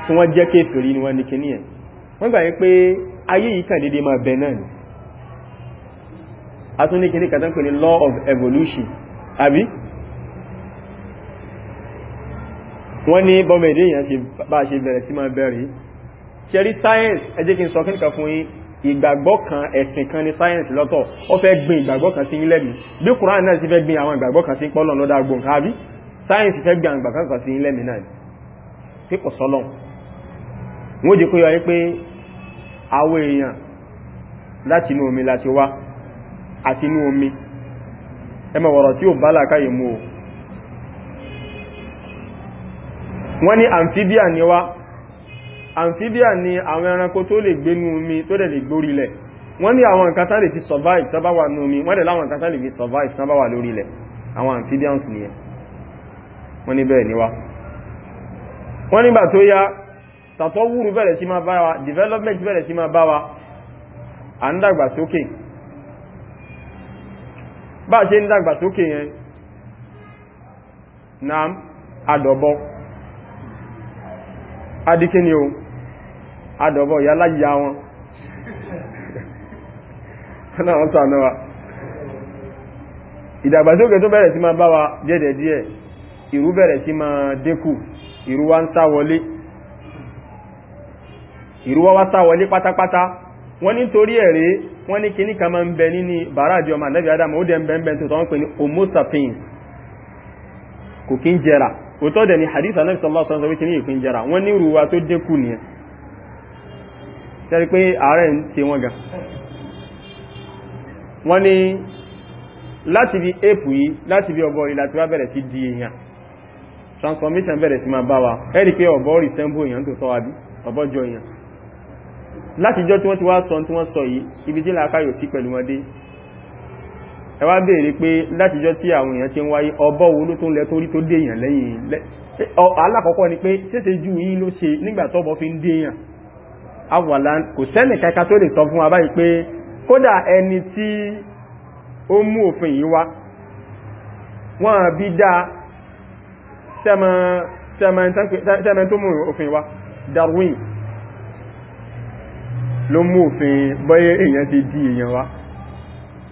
tí wọ́n jẹ́ kèfèrí ni wọ́n ni kíní ẹ̀ wọ́n gbà pé ayé yìí kàn dédé máa bẹ náà ni a tún ní kíníkan tán pè ní law of evolution àbí wọ́n ní bọ́mọ̀ èdè èyàn bá ṣe bẹ̀rẹ̀ sí máa bẹ̀rẹ̀ ṣẹ́rí science ẹ jẹ́ kí n sọ kíkà fún ìgbàgbọ́ kan ẹ̀sìn kan ní science lọ́tọ̀ ó fẹ́ gbin ìgbàgbọ́ kan sí ilẹ̀mí bí Kùránì náà ti fẹ́ gbin science fẹ́ gbin ìgbàgbọ́ kan sí ilẹ̀mí náà pé kò sọ́lọ̀ wọ́n jẹ́ kó yọ omi láti wá àti inú omi wọ́n ní amphibia ni wá amphibia ni àwọn ẹranko tó lè gbé nú omi tó dẹ̀ lè gbórí ilẹ̀ wọ́n ní àwọn nǹkan lè fi survive tán bá wà nú omi wọ́n dẹ̀ láwọn nǹkan lè fi survive tán bá wà lórí ilẹ̀ àwọn amphibians nìyẹn wọ́n ní bẹ́ẹ̀ ni wá wọ́n nígbà tó yá tàtọ́ wúrú bẹ̀rẹ̀ sí máa bá wa development bẹ̀rẹ̀ sí máa bá wa à ń dàgbà sókè bá a ṣe ń dàgbà sókè yẹn náà adọ̀bọ̀ adíkí ni o adọ̀bọ̀ ìyá láyìyá wọn náà wọ́n sànà wa ìdàgbàsókè tó bẹ̀rẹ̀ sí máa bá wa jẹ́dẹ̀ díẹ̀ ìrú bẹ̀rẹ̀ sí máa dínkù ìrú wa ń sá wọlé ìrú wa wá sá wọlé pátápátá wọ́n ní torí ẹ̀rẹ́ wọ́n ní kíní kan máa ń bẹ níní òtọ́ dẹ̀ ni hadith anábi sallallahu alaihi wasallam ní ìpín jẹra wọ́n ní ìrùwà tó dínkù nìyẹn tẹ́rí pé ààrẹ ń ṣe wọ́n gan wọ́n ní láti bí èpù yìí láti bí ọgọ́rí láti wá bẹ̀rẹ̀ sí di èèyàn transformation bẹ̀rẹ̀ sí máa bá wa ẹ́rì pé ọ̀bọ̀ resemble èèyàn tó tọ́ àbí ọ̀bọ̀ jọ èèyàn látijọ́ tí wọ́n ti wá sọ tí wọ́n sọ yìí ibi tí làákàyò sí pẹ̀lú wọn dé ẹ wá béèrè pé látijọ́ tí àwọn èèyàn ti ń wáyé ọbọ̀ wo ló tó ń lẹ torí tó déèyàn lẹ́yìn alákọ̀ọ́kọ́ ni pé ṣéṣe jù yí ló ṣe nígbà tọ́bọ̀ fi ń déèyàn awàlá kò sẹ́nì kaka tó lè sọ fún wa báyìí pé kódà ẹni tí ó mú òfin yìí wá wọ́n bí dá sẹ́mẹ́ tó mú òfin Darwin ló mú òfin bọ́yé èèyàn wá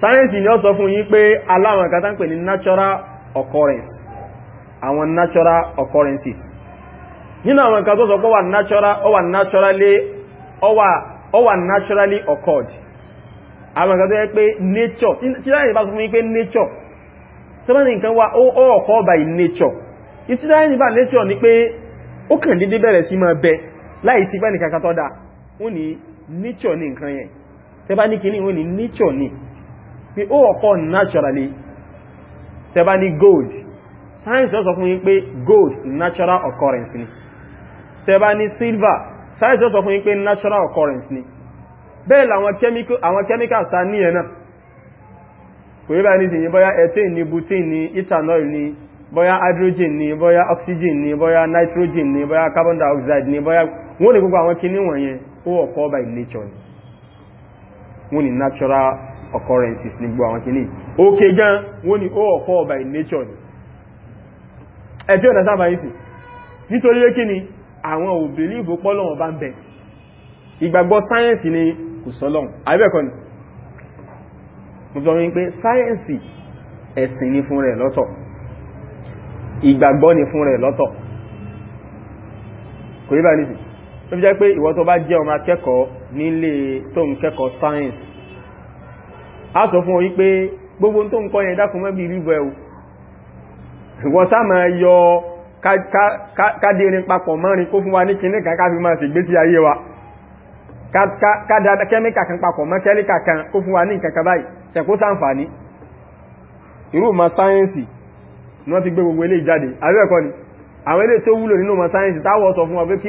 sáyẹ́nsì ni ó sọ fún yín pé aláwọn ń natural occurrence àwọn natural occurrences nínú àwọn kan tó sọ pé wà naturally occurred àwọn kan tó yẹ pé nature tí láyé bá pé nature tó bá ní nǹkan wá ó ni pé ó kàn dédé bẹ̀rẹ̀ sí máa bẹ pé ó oh, ọ̀pọ̀ naturally tẹba ní gold science sọ fún yín pé gold natural occurrence ni tẹba ni silver science sọ fún yín pé natural occurrence ni bẹ́ẹ̀ làwọn chemicals ta ní ẹ̀nà kò yí bá ní ti bọ́yá ethane ni butane ni ethanol ni bọ́yá hydrogen ni bọ́yá oxygen ni bọ́yá nitrogen ni bọ́yá carbon dioxide ni bọ́yá wọ́n ní gbogbo àwọn kiní wọ̀nyẹn ó ọ̀pọ̀ by nature ni wọ́n ní natural occurrences ní gbogbo àwọn kìíní òkè gan wọ́n ni ó ọ̀kọ́ by nature ni ẹ̀tí ọ̀nà sábà yìí nítorí wé kí ni àwọn òbílí ìbò pọ́lọ̀wọ̀n bá ń bẹ ìgbàgbọ́ sáyẹ̀nsì ni kò sọ́lọ́run àbẹ́ẹ̀kọ́ ni mo sọ wípé ni fún rẹ̀ lọ́tọ̀ ni fún rẹ̀ lọ́tọ̀ kò rí bá nìsí ó fi jẹ́ pé ìwọ tó bá jẹ́ ń kẹ́kọ̀ọ́ sáyẹ̀nsì a sọ fún ọ wípé gbogbo tó ń kọ́ yẹn dákun mẹ́bí ríbẹ̀ o wọ́n sáàmà yọ kádẹrin papọ̀ mọ́rin kó fún wa ní kinní kan káfí máa ṣe gbésí ayé wa kádà kẹ́míkà papọ̀ mọ́ kẹ́líkà kan kó fún wa ní ma sáyẹ́nsì ni wọ́n ti gbé gbogbo eléyìí jáde àbẹ́ẹ̀kọ́ ni àwọn ma sáyẹ́nsì táwọ̀ sọ fún wa pé kí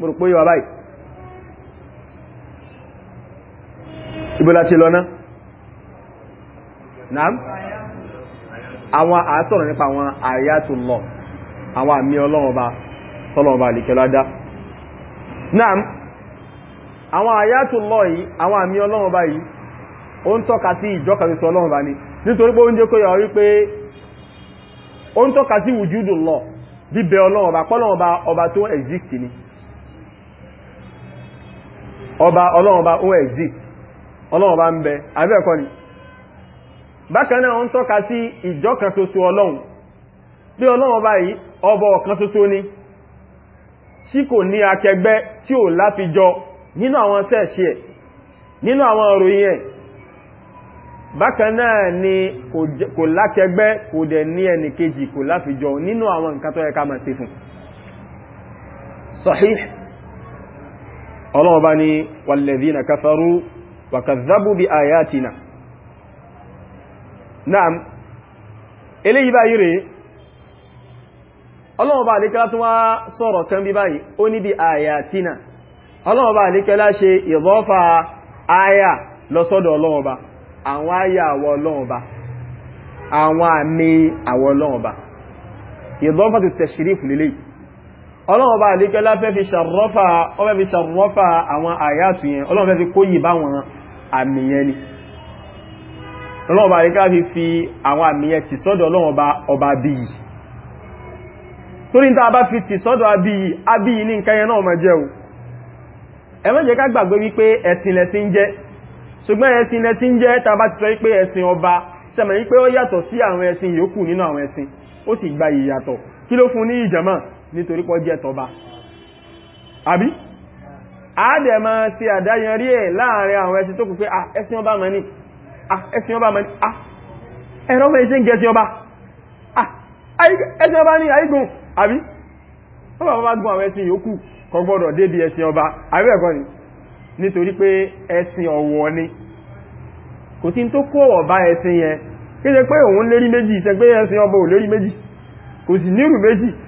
muru pe ọba yi ịbola tí lọ na na m awọn atọ na nipa awọn arịa tụ nlọ awọn ami ọlọọba tọlọọba aleke lada na m awọn arịa tụ nlọ yi awọn ami ọlọọba yi ọ ntọ kasi ijọ karisa ọlọọba ni n'oripa ọnde koya ọ ri pe ọ ntọ kasi wujudu nlọ dibia ọlọọba akpọ ná ọba ọba tụ n'exit ni. ọba ọlọ́run ọba ó exist ọlọ́run ọba ń bẹ àbẹ́ẹ̀kọ́ ni bákan náà ń tọ́ka sí ìjọ kan bí ọba yìí ọbọ ọ̀kan ni tí kò ní akẹgbẹ́ tí ò láfijọ nínú àwọn sẹ́ẹ̀ṣì ẹ̀ nínú àwọn òròyìn ẹ̀ ni kò kò ní ọlọ́wọ́ bá ní walladhina kafaru wa kadhabu bi ayatina naam eléyìí báyìí rẹ̀ ọlọ́wọ́ bá alékẹ́lá tún wá sọ̀rọ̀ kan bí báyìí ó ní bí ayatina ọlọ́wọ́ bá alékẹ́lá ṣe aya lọ́sọ́dọ̀ ọlọ́wọ́ àwọn àwọn ọlọ́run bá àdíkẹ́lá fẹ́ fi ṣàrọ́fà àwọn àyàtù yẹn ọlọ́run fẹ́ fi kó yìí bá wọn àmìyàn ni ọlọ́run bá àdíkẹ́lá fi fi àwọn àmìyàn ti sọ́dọ̀ ọlọ́run ọba bíyì torí ta bá fi ti sọ́dọ̀ abíyì abíyì ní nǹkan yẹn náà mọ̀ jẹ́ o ẹ má jẹ́ ká gbàgbé wípé ẹ̀sìn lẹ́sìn nítorí pọ́ jẹ́ tọba àbí àádẹ̀ máa ṣe àdáyanrí ẹ̀ láàrin àwọn ẹ̀sìn tó kù pé ah, ẹ̀sìn ọba mẹ́ni ah, ẹ̀sìn ọba mẹ́ni ah, ẹ̀rọ mẹ́ ṣe ń gẹ́ ẹ̀sìn ọba ẹ̀sìn ọba ní àígùn àbí wọ́n bá bá gún àwọn ẹ̀sìn yòókù kò gbọ́dọ̀ débi ẹ̀sìn ọba àbí ni nítorí pé ẹ̀sìn ọ̀wọ̀ ni kò sí tó kó ọ̀bá ẹ̀sìn yẹn kéde pé òun lérí méjì ìtẹ́gbé ẹ̀sìn ọba ò lérí méjì kò sì nírù méjì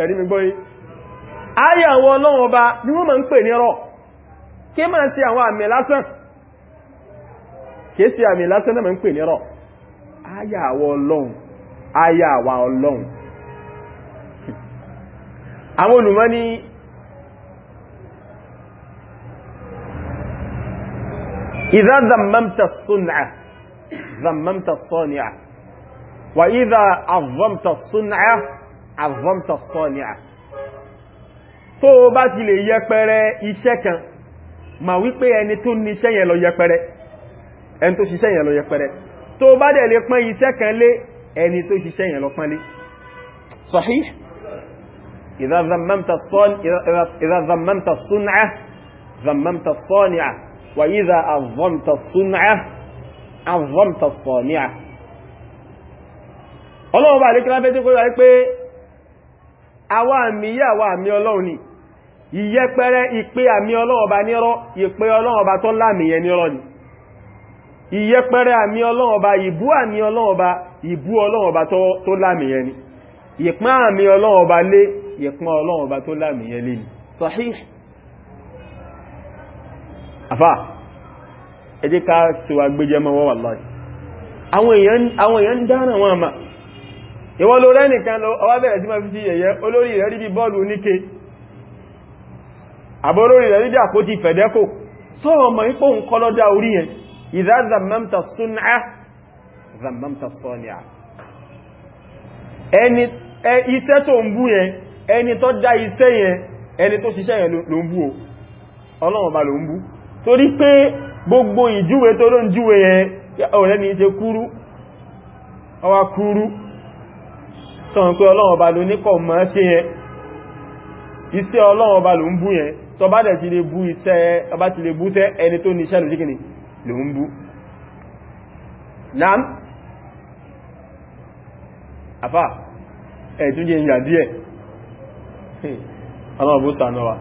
ẹ̀rí mi gbọ́yí ayé àwọn ọlọ́run ọba ni wọ́n máa ń pè ní rọ̀ kí máa ṣe àwọn àmì lásán kìí ṣe àmì lásán náà máa ń pè ní rọ̀ ayé àwọn ọlọ́run ayé àwọn olùmọ̀ إذا ذممت الصنعة ذممت الصانعة وإذا عظمت الصنعة azọ́mtọ̀ sọ́nìá tó o bá ti lè yẹpẹrẹ iṣẹ́ kan ma wípé ẹni tó ní iṣẹ́ yẹn lọ yẹpẹrẹ ẹni tó ṣiṣẹ́ yẹn lọ yẹpẹrẹ tó o bá dẹ̀ lè pán iṣẹ́ kan lé ẹni tó ṣiṣẹ́ yẹn lọ pán lé sahih idha ọlọ́wọ́ bá lè kí wọ́n tí kó rẹ̀ pé àwa àmì yí àwa àmì ọlọ́run ni ìyẹpẹrẹ ìpé àmì ọlọ́run ọba nírọ́ ìpé ọlọ́run ọba tó láàmì yẹn nírọ́ ni ìyẹpẹrẹ àmì ọlọ́run ọba ìbú àmì ọlọ́run ọba ìbú ọlọ́run ọba tó láàmì yẹn ni ìpán àmì ọlọ́run ọba lé ìpán ọlọ́run ọba tó láàmì yẹn lé ni sahih àfà ẹjẹ́ ìwọ ló rẹ́ nìkan lọ ọwá bẹ̀rẹ̀ sí ma fi sí yẹ̀yẹ́ olórí rẹ̀ rí bí bọ́ọ̀lù oníke àbólórí rẹ̀ rí bí àpótí fẹ̀dẹ́kò sọ́rọ̀ mọ̀ ipò ń kọlọ́dá orí yẹn ìdá zammamta súnà zammamta sọ́nìyà ẹni iṣẹ́ tó ń bú yẹn ẹni tó dá ọ̀rẹ́ ni ṣe kúrú ọwá kúrú sọ́n pé ọlọ́run ọba ló níkọ̀ mọ́ ṣe yẹn iṣẹ́ ọlọ́run ọba ló ń bú yẹn tó bá dẹ̀ ti lè bú iṣẹ́ ọba ti lè búṣẹ́ ẹni tó ní iṣẹ́ ló síkìní ló ń bú naam àfà ẹ̀túnjẹ ìyà díẹ̀ ọlọ́run bó sànà wa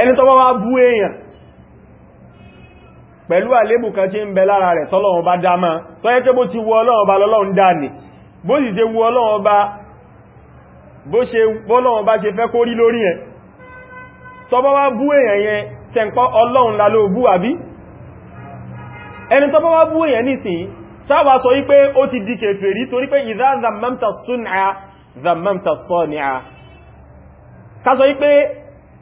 ẹni tó bá wá bú èèyàn pẹ̀lú àlébù kan tí ń bẹ lára rẹ̀ tọ́lọ́run bá dá máa tọ́yẹ́ tó bó ti wọ ọlọ́run bá lọ́lọ́run bó sì ṣe wu ọlọ́wọ́ bá bó ṣe bọ́lọ́wọ́ bá ṣe fẹ́ kó rí lórí ẹ̀ tọba wá bú èèyàn yẹn sẹ́ǹpọ́ ọlọ́run la ló bú àbí ẹni tọba wá bú èèyàn nìsìn sáwà sọ wípé ó ti di kèfèrí torí pé ìdá zammamta sun'a zammamta sani'a ká sọ wípé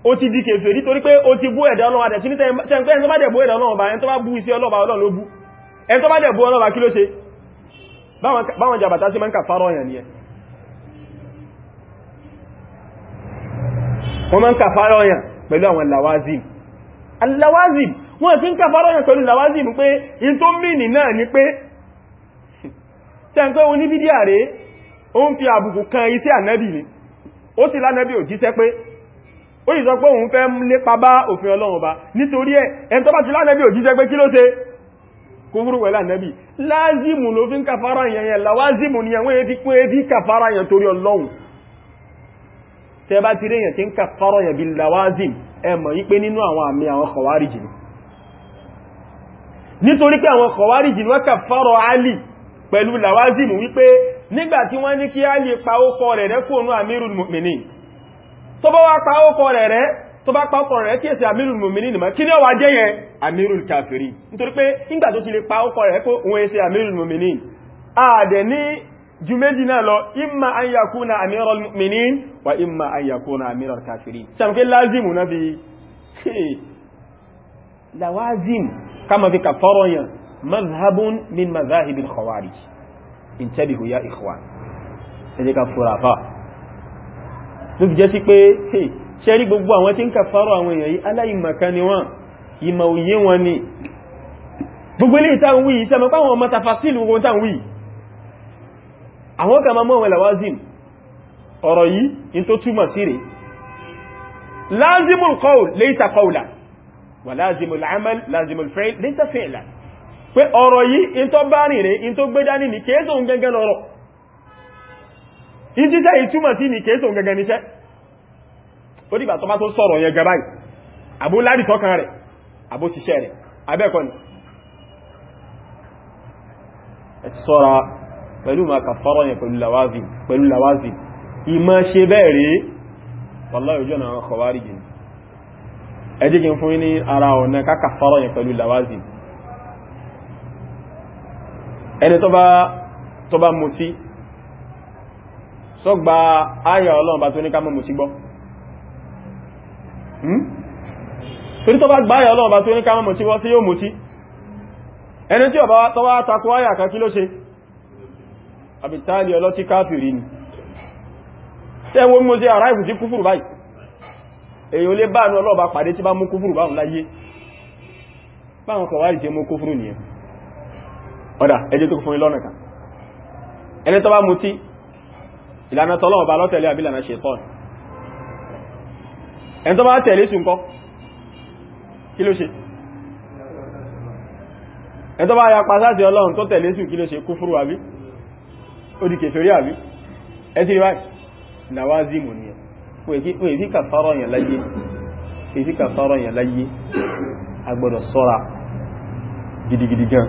ó ti di kèfèrí torí pé ó ti bú ẹ̀dá ọlọ́run adẹ̀ sí ní sẹ́ǹpẹ́ ẹni tó bá dẹ̀ bú ẹ̀dá ọlọ́run ọba ẹni tó bá bú iṣẹ́ ọlọ́run ọlọ́run ló bú ẹni tó bá dẹ̀ bú ọlọ́run kí ló ṣe báwọn jàbàtà sí máa ń kà fárọ̀ yàn ní ẹ wọ́n máa ń kà fárọ̀ yàn pẹ̀lú àwọn lawazim alawazim wọ́n ti ń kà fárọ̀ yàn pẹ̀lú lawazim pé in tó mìnì náà ni pé tẹ́ǹkọ́ oníbídíà rẹ̀ o ń fi àbùkù kan iṣẹ́ ànábì ni ó sì lánàbí ò jíṣẹ́ pé ó sì sọ pé òun fẹ́ lépa bá òfin ọlọ́run ọba nítorí ẹ̀ ẹ̀ntọ́ bá ti lánàbí ò jíṣẹ́ pé kí ló ṣe kúrú pẹ̀lá nẹ́bì láàzìmù ló fi ń kàfàrà yẹn yẹn láwázìmù ni àwọn èdè pé èdè kàfàrà yẹn torí ọlọ́run tẹ bá ti ríyàn tí ń kàfàrà yẹn bí láwázìm ẹmọ̀ yí pé nínú àwọn àmì àwọn kọwárìjì nítorí pé àwọn kọwárìjì wọ́n kàfàrà tó bá pa ọkọ̀ rẹ̀ tí èsì àmìrùn mòmìnì nìmọ̀ kí ní ọwà jẹ́ yẹn àmìrùn kàfìrí nítorí pé nígbà tó ti lè pa ọkọ̀ rẹ̀ pé òun èsì àmìrùn mòmìnì ààdẹ̀ ní ju méjì náà lọ imma an yakuna àmìrùn mòmìnì wa imma an yakuna àmìrùn kàfìrí sàmkí lázimu náà fi jẹ́ sí pé ṣe rí gbogbo àwọn tí ń kàfàrọ̀ àwọn èèyàn yìí aláìmọ̀kan ni wọ́n ìmọ̀ òye wọn ni gbogbo ilé ìta wí ìṣẹ́ mọ́ páwọn ọmọ tafasílù ogun tàn wí àwọn kàmà mọ́ wọn làwázìm ọ̀rọ̀ yìí in tó túmọ̀ sí rẹ̀ lázimul qawl laysa qawlan wà lázimul amal lázimul fi'l laysa ìtúmọ̀ sí ní kéèsò gẹ́gẹ́ níṣẹ́ tó dìgbà tó bá tó sọ̀rọ̀ yẹn gẹ̀báyì àbó lárí tọ́kan rẹ̀ àbó ti ṣẹ́ rẹ̀ abẹ́ẹ̀kọ́ ni ẹ pẹ̀lú ma kàfàrọ̀ yẹn pẹ̀lú lawazim ìmọ̀ ṣe bẹ́ẹ̀ rí wallahi ojú ọ̀nà kọwàrí jìn ẹjẹ́ kí n fún ní ara ọ̀nà ká kàfàrọ̀ yẹn pẹ̀lú lawazim ẹni tó bá mutí sọ́gbà ayà ọlọ́run bá tó ní ká mọ́ mutí gbọ́ Hmm? torí tó bá gbáyà ọlọ́run bá tó ní káwọn mọ̀tí wọ́n sí yóò mọ̀tí ẹni tí ọba tó wá takọ ayà kan kí ló ṣe àbìtàlì ọlọ́tí káfìrí ni tẹ́ wọ́n mọ́ sí ara ìfùsí kúfùrù báyìí èyí ó lé bá ní ọlọ́ọ̀bá pàdé tí bá mú kúfùrù báhùn láyé báwọn kọ̀wàrí ṣe mú kúfùrù nìyẹn ọ̀dà ẹjẹ́ tó fún ilọ́nà kan ẹni tó bá mú tí ìlànà tọ́lọ́ọ̀bá ẹni tó bá tẹ̀lé sùn kọ́ kí ló ṣe ẹni tó bá ya pàtàkì ọlọ́run tó tẹ̀lé sùn kí ló ṣe kúfúrú àbí ó di kèfèrí àbí ẹtí rí báyìí nàwázìmù ni ẹ̀ èyí kàfàrọ̀ yẹn láyé èyí kàfàrọ̀ yẹn láyé agbọ́dọ̀ sọ́ra gidigidi gan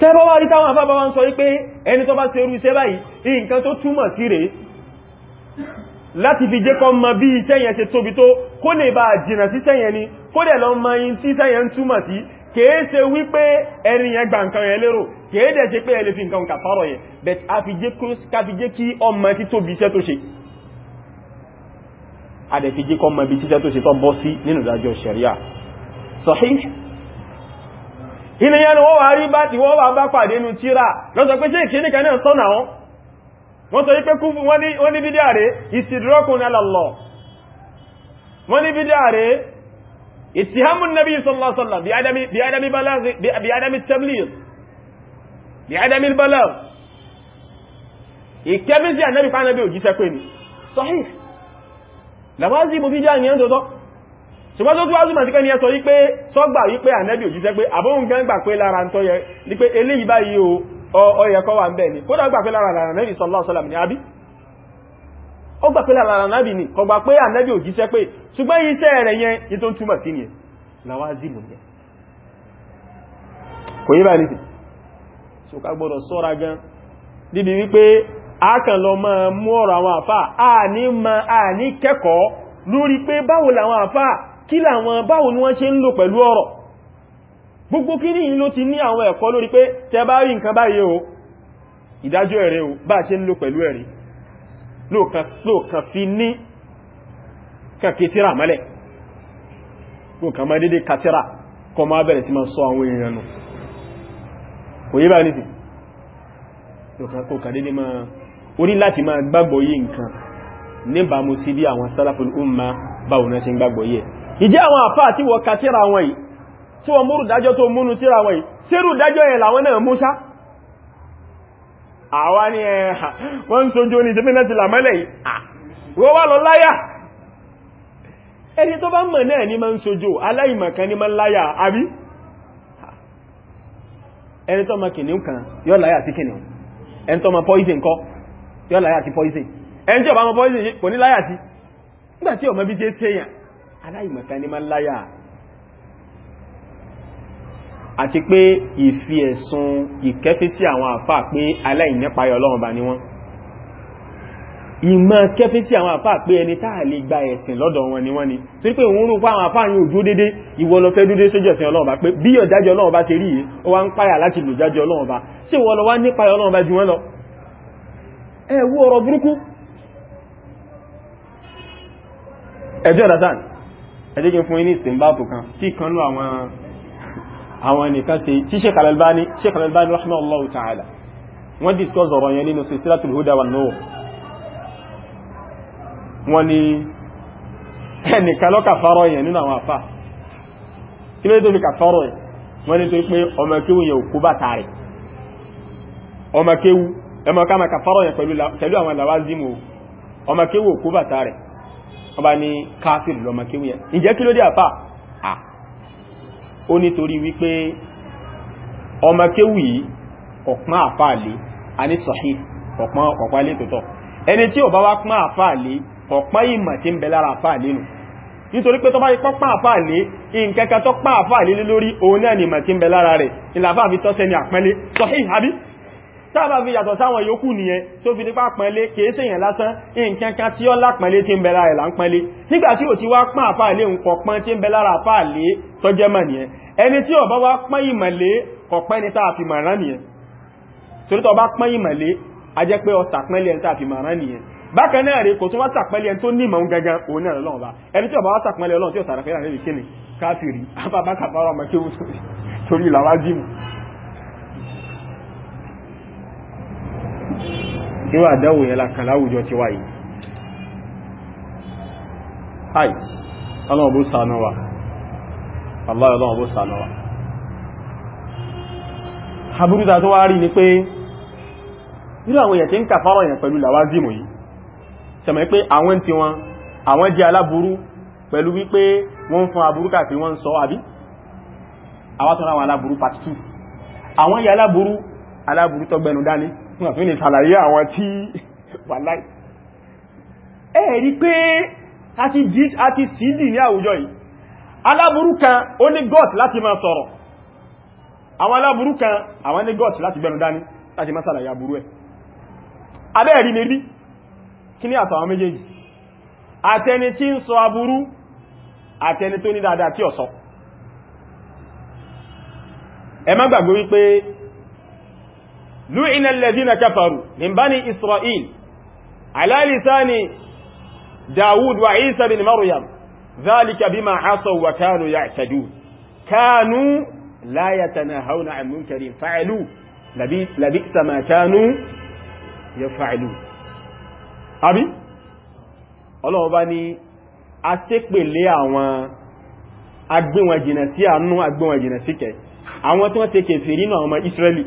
tẹ́bọ́ wá rí táwọn ń sọ wípé ẹni tó bá ṣerú iṣẹ́ báyìí nǹkan tó túmọ̀ sí rèé láti fi jẹ́ kó mọ bí iṣẹ́ yẹn ṣe tóbi tó kó lè bá jìnà sí iṣẹ́ yẹn ni kó dẹ̀ lọ mọ in tí iṣẹ́ yẹn túmọ̀ sí kèé ṣe wípé ẹni yẹn gba nǹkan yẹn lérò kèé dẹ̀ ṣe pé ẹ lè fi nǹkan kàfàrọ̀ yẹn ni wọ́n wá rí bá ti wọ́n wá bá pàdé nínú tíra lọ́sọ pé ṣe ìkíníkan náà sọ́nà wọn wọ́n sọ wípé kúfù wọ́n ní bídíà rẹ̀ ìsìdírọ́kùn alàlọ́ wọ́n ní bídíà rẹ̀ ìtìhámù nàbí sọ́lọ́sọ́lọ́ bí adami tablir bí adami balag ìkẹ́bí sí ànábì pánàbí òjíṣẹ́ pé ní sahih làwází mú bídíà ní ẹ́ntọ́tọ́ ṣùgbọ́n tó túwází màtíkẹ́ ni ẹ sọ wípé sọ́gbà wípé ànábì òjíṣẹ́ pé àbóhùn gan gbà pé ọyẹ kọ́ wà ń bẹ̀ ni kódà gbà pé lára lára nẹ́bì sallallahu alaihi wasallam ni àbí ó gbà pé lára nẹ́bì ni kò gbà pé ànẹ́bì ò jíṣẹ́ pé ṣùgbọ́n iṣẹ́ rẹ̀ yẹn ní tó ń túmọ̀ kí ni ẹ̀ làwázìmù yẹn kò yí bá ní sí so ká gbọ́dọ̀ sọ́ra gan níbi ni wọ́n gbogbo kí ní ló ti ní àwọn ẹ̀kọ́ lórí pé tẹ bá rí nǹkan báyé o ìdájọ́ ẹ̀rẹ́ o bá ṣe ń lò pẹ̀lú ẹ̀rí lóòkàn fi ní kàkè tíra mẹ́lẹ̀ lóòkàn má dédé kàtíra kọ láti máa gbàgbọ́ yí nǹkan níbàmú sí bí àwọn sálàfil umma báwọn náà ṣe ń gbàgbọ́ yí ẹ̀ ìjẹ́ àwọn àfáà tí wọ́n kàtíra wọn yìí tí wọ́n múrù dájọ́ tó múnú tíra wọ̀nyí sírù dájọ́ yẹn làwọn náà múṣá àwa ni ẹ̀ wọ́n ń sojú ní jẹ́fẹ́nà sí làmọ́lẹ̀ yìí wọ́n wá lọ láyà ẹni tó bá mọ̀ náà ní ma ń sojú aláìmọ̀kan ní ma ń láyà àbí ẹni tó ma kìnnìún kan yóò láyà sí kìnnìún ẹni tó ma poison kọ́ yóò ma poison kò aláìmọ̀kan ní ma ń láyà àti pé ìfi ẹ̀sùn ìkẹfí sí àwọn àfáà pé aláìnípayọ̀ ọlọ́run bá ní wọ́n ìmọ̀ kẹfí sí àwọn àfáà pé ẹni táà lè gba ẹ̀sìn lọ́dọ̀ wọn ni wọ́n ni tó ní pé òun rú pa àwọn àfáà yóò dúó dédé ìwọlọ́fẹ́ dúdé sójú ẹ̀sìn ọlọ́run bá pé bí ọ̀dájọ́ ọlọ́run bá ṣe rí yìí ó wá ń páyà láti lò jájọ́ ọlọ́run bá ṣe wọ́n lọ wá nípa ọlọ́run bá ju wọ́n lọ ẹ̀wú ọ̀rọ̀ burúkú ẹjọ́ dàtàn ẹjẹ́ kí fún yín ní ìsìnbáàpù àwọn nìkan ṣe tí Sheikh Al-Albani Sheikh Al-Albani rahimahullahu ta'ala wọ́n discuss ọ̀rọ̀ yẹn nínú silsilatul huda wan nur wọ́n ni ẹnìkan ló kàfàrọ̀ yẹn nínú àwọn àfà kí ló tó fi kàfàrọ̀ yẹn wọ́n ni tó pé ọmọ kéwù yẹn òkú bá tààrẹ̀ ọmọ kéwù ẹmọ ó nítorí wípé ọmọ kéwì ọ̀pán àfáàlé a ní sọ̀hí ọ̀pán ọ̀pálé tòótọ́ ẹni tí ò bá wá pán àfáàlé ọ̀pán ìmọ̀ tí ń bẹ lára àfáàlé nù nítorí pé tó bá ipọ́ pán àfáàlé nǹkankan tó pán àfáàlé lórí òun náà ni ìmọ̀ tí ń bẹ rẹ̀ ìlàfáà fi tọ́sẹ́ ni àpẹ́lé sọ̀hí àbí tábà fi yàtọ̀ sáwọn yòókù nìyẹn tó fi nípa pẹ̀lẹ́ kèése yẹn lásán nǹkan kan tí ó lápẹ̀lẹ́ tí ń bẹ lára ìlà ń pẹ̀lẹ́ nígbà tí ò ti wá pán àfà ilé ń kọ̀pán tí ń bẹ lára àfà ilé tó jẹ́ mọ̀ nìyẹn ẹni tí ó bá wá pán ìmọ̀lẹ́ kọ̀pẹ́ ni táà fi mọ̀rán nìyẹn torí tó bá pán ìmọ̀lẹ́ a jẹ́ pé ọ̀sàpẹ́lẹ́ irú àdáwò yẹn la kàn láwùjọ ti wáyé hai ọlọ́ọ̀bù sànúwà aláyọ̀lọ́ọ̀bù sànúwà àbúrúta tó wá rí ni pé irú àwọn èèyàn tí ń kàfàrọ̀ èèyàn pẹ̀lú làwázìmù yìí sẹ̀mọ̀ pé àwọn tí wọn àwọn jẹ́ aláburú pẹ̀lú wípé wọ́n ń fún aburú káàkiri wọ́n ń sọ àbí àwátọ́ra àwọn aláburú part 2 àwọn yẹ aláburú aláburú tọ́gbẹ̀nù dání wọ́n tún lè sàlàyé àwọn tí wà láì ẹ̀rí pé a ti tìdì ní àwùjọ yìí aláburúkan ó ní gọ́t láti máa sọ̀rọ̀ àwọn aláburúkan àwọn ní gọ́t láti gbẹnu dání láti máa sàlàyé àbúrú ẹ̀ abẹ́ẹ̀rí ni rí kí ní àtàwọn méjèèjì àtẹni tí ń sọ aburú àtẹni tó ní dáadáa tí ọ̀sọ́ ẹ má gbàgbé wípé لعن الذين كفروا من بني إسرائيل على لسان داود وعيسى بن مريم ذلك بما عصوا وكانوا يعتدون كانوا لا يتناهون عن منكر فعلوا لبئس ما كانوا يفعلون أبي ọlọ́wọ́ بني ní لي ṣépèlé àwọn agbéwọn jìnà sí àánú agbéwọn jìnà síkẹ̀ àwọn إسرائيل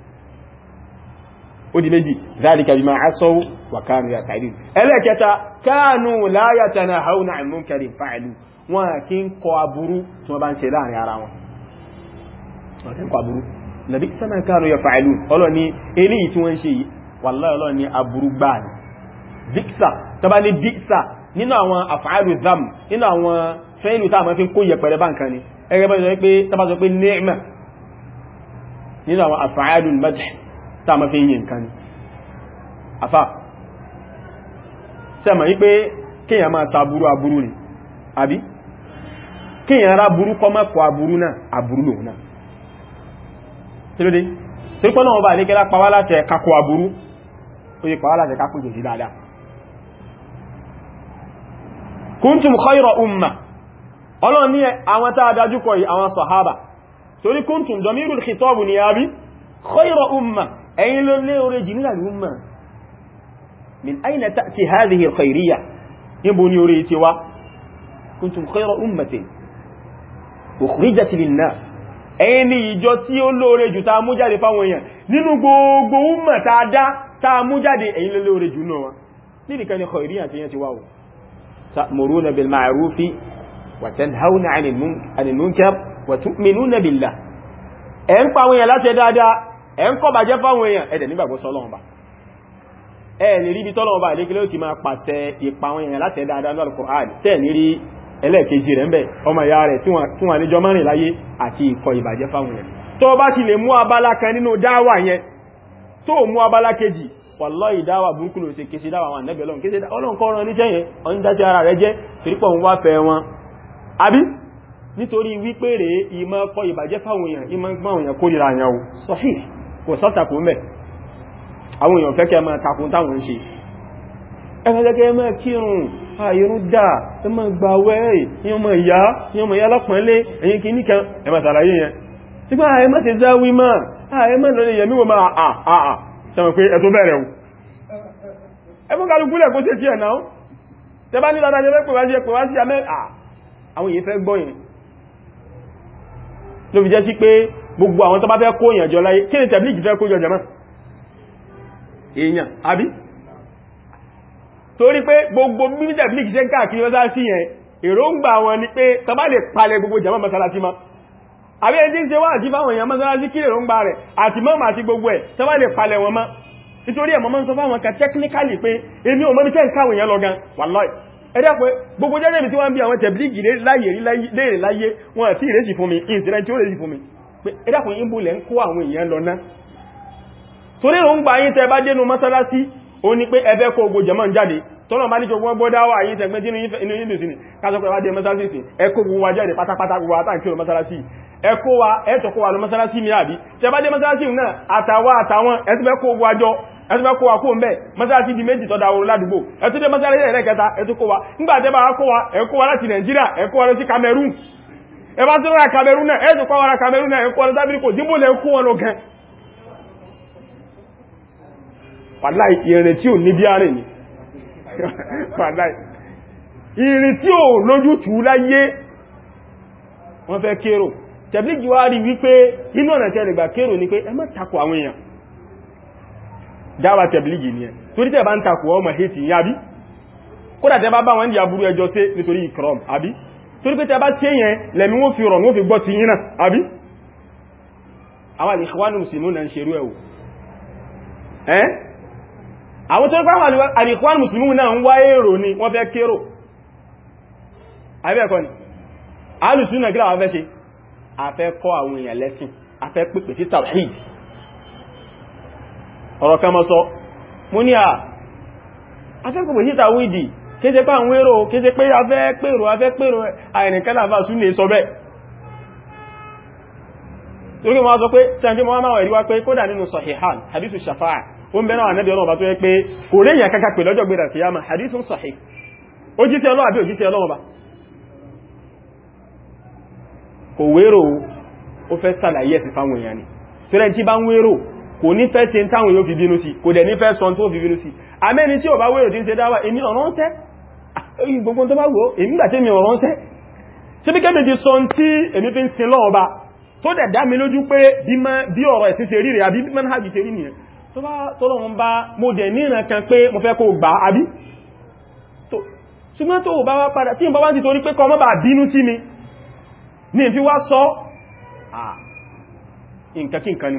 ó di méjì zalika bima asaw wa kanu yaf'alun ẹlẹ́kẹta kanu la yatanahawna 'an munkarin fa'alu wọn kí ń kọ aburú tí wọ́n bá ń ṣe láàrin ara wọn wọ́n kí ń kọ aburú nàbí sẹ́mẹ̀ kanu yaf'alun ọlọ́ni eléyìí tí wọ́n ń ṣe yìí wallahi ọlọ́ni aburú gbáà ni diksa tó bá ní diksa nínú àwọn tá ma fi ń yí nǹkan ni afá sẹ́mà yí pé kíyàn máa sa aburú aburú ni àbí kíyàn ara burú kọ́ mọ́kọ̀ aburú náà aburú lòun náà tí ló dé tí pọ́ náà wọ́n bá lékẹ́lá pa láti kakọ aburú ó yí pa láti kakọ jòjì dáadáa kuntum khayra umma ọlọ́run ní àwọn tá a dájú kọ yìí àwọn sàhábà torí ni yàbí khayra umma ẹ̀yin ló lé orí jì nílà lúmà min aina ta'ti hadhihi al-khairiyya níbo ni orí ti wá kuntum khayra ummatin ukhrijat lin-nas ẹ̀yin ni ìjọ tí ó lóore jù ta mú jáde fáwọn èèyàn nínú gbogbo umma ta dá ta mú jáde ẹ̀yin lóore jù náà wá ẹ̀ ń pa àwọn èèyàn láti dáadáa ẹ ń kọ́ bàjẹ́ fáwọn èèyàn ẹ̀dẹ̀ nígbàgbọ́ sọ́lọ́run bá ẹ ní rí bí tọ́lọ́run bá àlékílẹ́ òkè máa pàṣẹ ipa àwọn èèyàn láti ẹ̀dá adáná lọ́rùkọ́ àdì tẹ́ ní rí ẹlẹ́ẹ̀kejì rẹ̀ ń bẹ̀ ọmọ ìyá rẹ̀ tí wọ́n níjọ márìn láyé àti ikọ̀ ìbàjẹ́ fáwọn èèyàn tó bá ti lè mú abala kan nínú dáwà yẹn tó mú abala kejì wàlọ́yì dáwà burúkú ló ṣe kéṣe dáwà wọn nẹ́bẹ̀ lọ́n kéṣe ọlọ́n nítorí wípé rèé ìmọ̀ kọ ìbàjẹ́ ìmọ̀ gbọ́n èèyàn kórìíra yẹn sọ́fíì kò sọ́tàkù mẹ́ àwọn èèyàn fẹ́ kí ẹ máa takun táwọn ń ṣe ẹfẹ́lẹ́kẹ́ ẹ máa kírun ààyèrún dà ẹ máa gbà wẹ́ ìyàn mọ̀ ìyá ìyàn mọ̀ ìyá lọ́pọ̀ọ́lé ẹ̀yìn kì ní kan ẹ máa sàlàyé yẹn ṣùgbọ́n ààyè má ṣe záwí máa ààyè má lọ yẹ̀mí wọ́n máa àà sẹ́mọ̀ pé ẹ̀tọ́ bẹ̀rẹ̀ o ẹmú kálukúlẹ̀ kó ṣe tí ẹ̀ náà tẹ́bá ní dáadáa jẹ́ pẹ̀wá sí ẹ̀pẹ̀wá sí àmẹ́ àwọn èyí fẹ́ gbọ́yìn ló fi jẹ́ sí pé gbogbo àwọn tó bá fẹ́ kó èèyàn jọ láyé kí ni tẹ̀blíkì fẹ́ kó jọ jẹmọ́ èèyàn àbí torí pé gbogbo mini tẹ̀blíkì jẹ́ káàkiri wọ́n sí yẹn èròǹgbà wọn ni pé tó lè palẹ̀ gbogbo jẹmọ́ mọ́sálásí ma àbí ẹni tí ń ṣe wá àti fáwọn èèyàn mọ́sálásí kí èròǹgbà rẹ̀ àti mọ́mà àti gbogbo ẹ̀ tó bá lè palẹ̀ wọn mọ́ nítorí ẹ̀mọ́ máa ń sọ fáwọn kan technically pé èmi ò mọ́bí tẹ́ ìkáwọn èèyàn lọ gan wàláì ẹ̀dá pé gbogbo jẹ́rẹ̀mì tí wọ́n bí àwọn tẹ̀blígì láyé láyé wọn àti ìrẹsì fún mi ìsìnrẹ́ tí ó rẹ̀sì fún mi ẹ̀dàkùn yínbò lẹ́ ń kó àwọn èèyàn lọ ná torí ò ń gba yín tẹ bá dénú mọ́sálásí ó ní pé ẹbẹ́ kó ogbò jẹmọ́ jáde tọ́nà bá ní kí ogun ọgbọ́dá wà yí tẹgbẹ́ ni kájọpẹ́ wá dé mọ́sálásí sí ẹkó gbogbo wa jáde gbogbo àtàkì wa kó wa kó wa di méjì tọ́da ooru ládùúgbò ẹtùdé mọ́sálásí ẹ̀rẹ́kẹta ẹtù kó wa nígbà bá kó wa ẹbá tí rárá Cameroon náà ẹ́sùn kọ́ wára Cameroon náà ẹkọ́ ọ̀rẹ́ sábírí kò jíbò lẹ kún wọn lọ́gán pàdáì ìrìn tí ò ní bí ààrẹ ni pàdáì ìrìn tí ò lójú tù láyé wọ́n fẹ́ kérò tẹ̀blígì wá rí wípé inú ọ̀nà tẹ́lẹ̀ gbà kérò ni pé ẹ má takò àwọn èèyàn dáwà tẹ̀blígì ni ẹ torí tẹ́ bá ń takò ọmọ hẹ́tì yín kódà tẹ́ bá bá wọn ní aburú ẹjọ́ sí nítorí ìkọrọm àbí torí pé tẹba tí èyàn lẹ̀mí wọ́n fi rọ̀n wọ́n fi gbọ́ ti yínà àbí àwọn àlìkọwàlù musulmi na ń ṣerú ẹ̀wò ẹ́ àwọn tó pẹ́ àlìkọwàlù musulmi náà ń wá èrò ni wọ́n fẹ́ kérò àbẹ́ẹ̀kọ́ ni alùsùn náà gíláwà fẹ́ ṣe afẹ́ kọ́ àwọn èèyàn lẹ́sìn afẹ́ pèpè sí tawhid ọ̀rọ̀ kan mọ́ sọ kéje pé àwọn èrò kéje pé afẹ́ pèrò afẹ́ pèrò àìrìnkẹ́lá bá sún sọ bẹ́ẹ̀ torí wọ́n sọ pé sẹ́ntí mọ́ máa ẹ̀rí wá pé kódà nínú sahihan hadithu shafa'a o n bẹ́nà ànẹ́bí ọlọ́ọ̀bá tó yẹ pé kò rí èyàn pè lọ́jọ́ gbéra fi bínú sí kò dẹ̀ ní fẹ́ sọ tó fi bínú sí amẹ́ni gbogbo tó bá wò èmi gbà tẹ́mi ọ̀rọ̀ ṣẹ́ ṣe bí kẹ́mi ti sọ tí èmi fi ń sin lọ́wọ́ bá tó dẹ̀ dá mi lójú pé bí ọ̀rọ̀ ẹ̀sìn ṣe rí rẹ̀ àbí manhaj ṣe rí nìyẹn tó bá tọ́lọ́run bá mo dẹ̀ ní ìrìn kan pé mo fẹ́ kó gbà àbí ṣùgbọ́n tó bá ni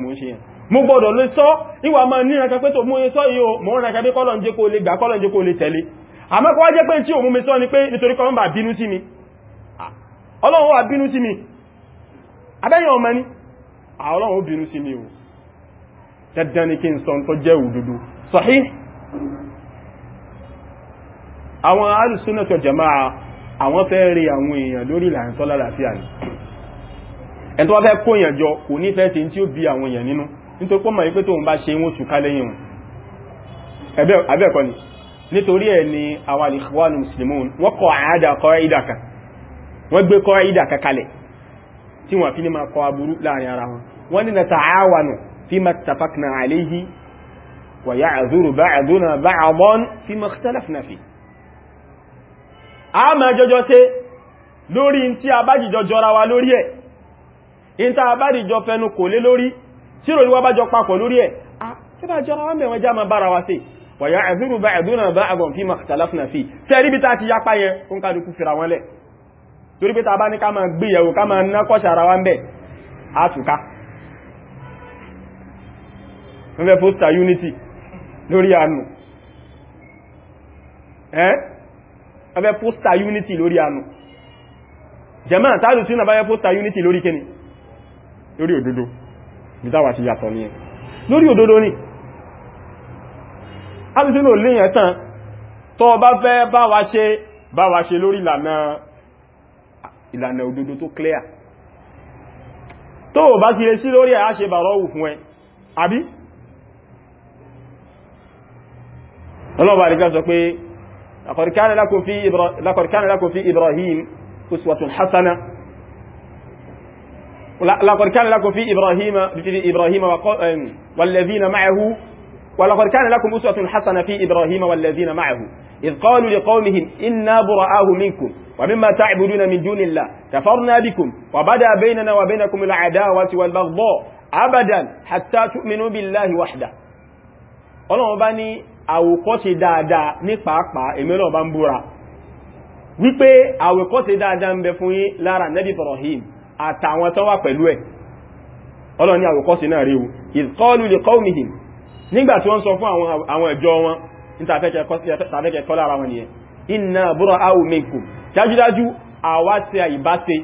mo ń ṣe yẹn mo gbọ́dọ̀ lè sọ ìwà máa ní ìrìn kan pé tó mú yẹ sọ yìí o mọ́ ìrìn kan bí kọ́lọ̀ ń jẹ́ kó lè gbà kọ́lọ̀ ń jẹ́ kó lè tẹ̀lé àmọ́kọ́ jẹ́ pé tí òmú mi sọ ni pé nítorí kọ́ mọ́bà bínú sí mi ọlọ́run wà bínú sí mi abẹ́yìn ọmọ ní ọlọ́run ó bínú sí mi o dandan ni kí n sọ tó jẹ́ òdodo sahih àwọn alùsúnà tó jama'a àwọn fẹ́ rí àwọn èèyàn lórí ìlànà lálàáfíà ni ẹn tó wá fẹ́ kó èèyàn jọ kò ní fẹ́ tí ó bí àwọn èèyàn nínú ẹ̀bẹ́ ẹ̀kọ́ ni nítorí ẹ̀ ni àwọn al-Ikhwan al-Muslimun wọ́n kọ àádà kọ́ ìdàkà wọ́n gbé kọ́ ìdàkà kalẹ̀ tí wọ́n fi ní máa kọ aburú láàrin ara wọn wọ́n ni nata'awanu fima ittafaqna alayhi wa ya'dhuru ba'duna ba'dan fima ikhtalafna fihi a máa jọjọ ṣe lórí tí a bá jìjọ jọra wa lórí ẹ̀ bá jìjọ fẹnu kò jọ papọ̀ wa mẹ́wọ́n wọ̀yá ẹ̀zùrù bá ẹ̀dúnà bá àgbọ̀n fi mọ̀kàtàláfínà fi tẹ́ rí bí ta ti yapa yẹn ó ń kàdùkú fìra wọn lẹ̀ torí pé ta bá ní ká máa gbéyàwó ká máa ná kọ́ṣà ara wa ń bẹ̀ àtùká ń fẹ́ fósta unity lórí àánú ẹ́ ń fẹ́ fósta unity lórí àánú alùsùn ò léyàn tán tó bá fẹ́ bá wa ṣe bá wa ṣe lórí ìlànà ìlànà òdodo tó clear tó bá ti lè sí lórí àyá ṣe bàrọ́wù fún ẹ àbí ọlọ́bàá rí sọ pé laqad kana lakum fi Ibrahim uswatun hasana laqad kana lakum fi Ibrahim wa walladhina ma'ahu ولقد كان لكم أسوة حسنة في إبراهيم والذين معه إذ قالوا لقومهم إنا براء منكم ومما تعبدون من دون الله كفرنا بكم وبدأ بيننا وبينكم العداوة والبغضاء أبدا حتى تؤمنوا بالله وحده ọlọ́run bá ní àwòkọ́ṣe dáadáa ní pàápàá èmìlọ bá ń búra wípé àwòkọ́ṣe dáadáa ń bẹ fún yín lára nẹ́bí Ibrahim àtàwọn tó wà pẹ̀lú ẹ̀ ọlọ́run ní àwòkọ́ṣe náà ríu إذ قالوا لقومهم nígbà tí wọ́n sọ fún àwọn ẹ̀jọ́ wọn ní tàfẹ́kẹ́ kọ́ lára wọn nìyẹn inna bura'u minkum dájúdájú àwa ti àìbáṣe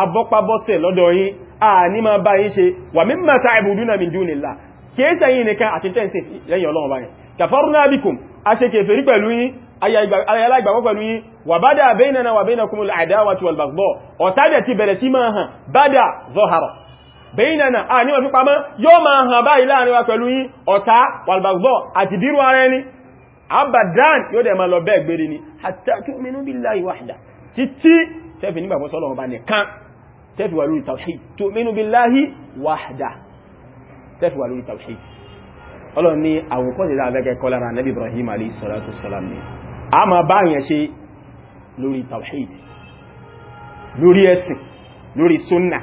abọ́pábọ́sẹ̀ lọ́dọ̀ yín a ní ma bá yín ṣe wa mimma ta'buduna min dunillah kéèsẹ̀ yìí nìkan àti tẹ́ǹsẹ̀ lẹ́yìn ọlọ́run báyìí kafarna bikum a ṣe kèfèrí pẹ̀lú yín ayàlágbàwọ́ pẹ̀lú yín wa bada baynana wa baynakumul adawatu wal baghdha ọ̀tádẹ̀ ti bẹ̀rẹ̀ sí máa hàn bada zọ́hara bẹ́ìnàna a ní wọ́n fi pamọ́ yóò máa hàn báyìí láàrin wa pẹ̀lú yí ọ̀tá wàlbàgbọ́ àti dírú ara ẹni abadan yóò dẹ̀ máa lọ bẹ́ẹ̀ gbére ni hatta tu'minu billahi wahda títí tẹ́fì nígbàgbọ́ sọ́lọ̀ ọba nìkan tẹ́fì wà lórí tawhid tu'minu billahi wahda tẹ́fì wà lórí tawhid ọlọ́run ní àwòkọ́ ìdá abẹ́gẹ́ kọlára nabi ibrahim alayhi salatu lórí sunnah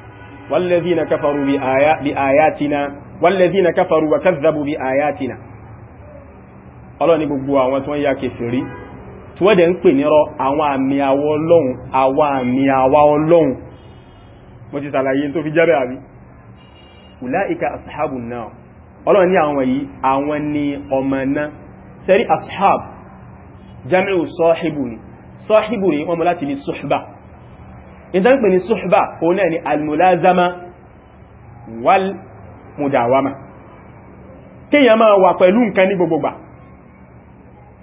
والذين كفروا بآياتنا والذين كفروا وكذبوا بآياتنا Ọlọ́run ní gbogbo àwọn tí wọ́n ya kèfèrí tí wọ́n dẹ̀ ń pè nírọ́ àwọn àmì àwọ Ọlọ́run àwọn àmì àwọ Ọlọ́run mo ti tàlàyé tó fi jẹ́bẹ̀ àbí ulaika ashabun nar Ọlọ́run ní àwọn yìí àwọn ni ọmọ náà ashab jami'u ìdánpẹ̀ ni suhba òun náà ni almulazama wal mudawama kíyàn máa wà pẹ̀lú nǹkan ní gbogbogbà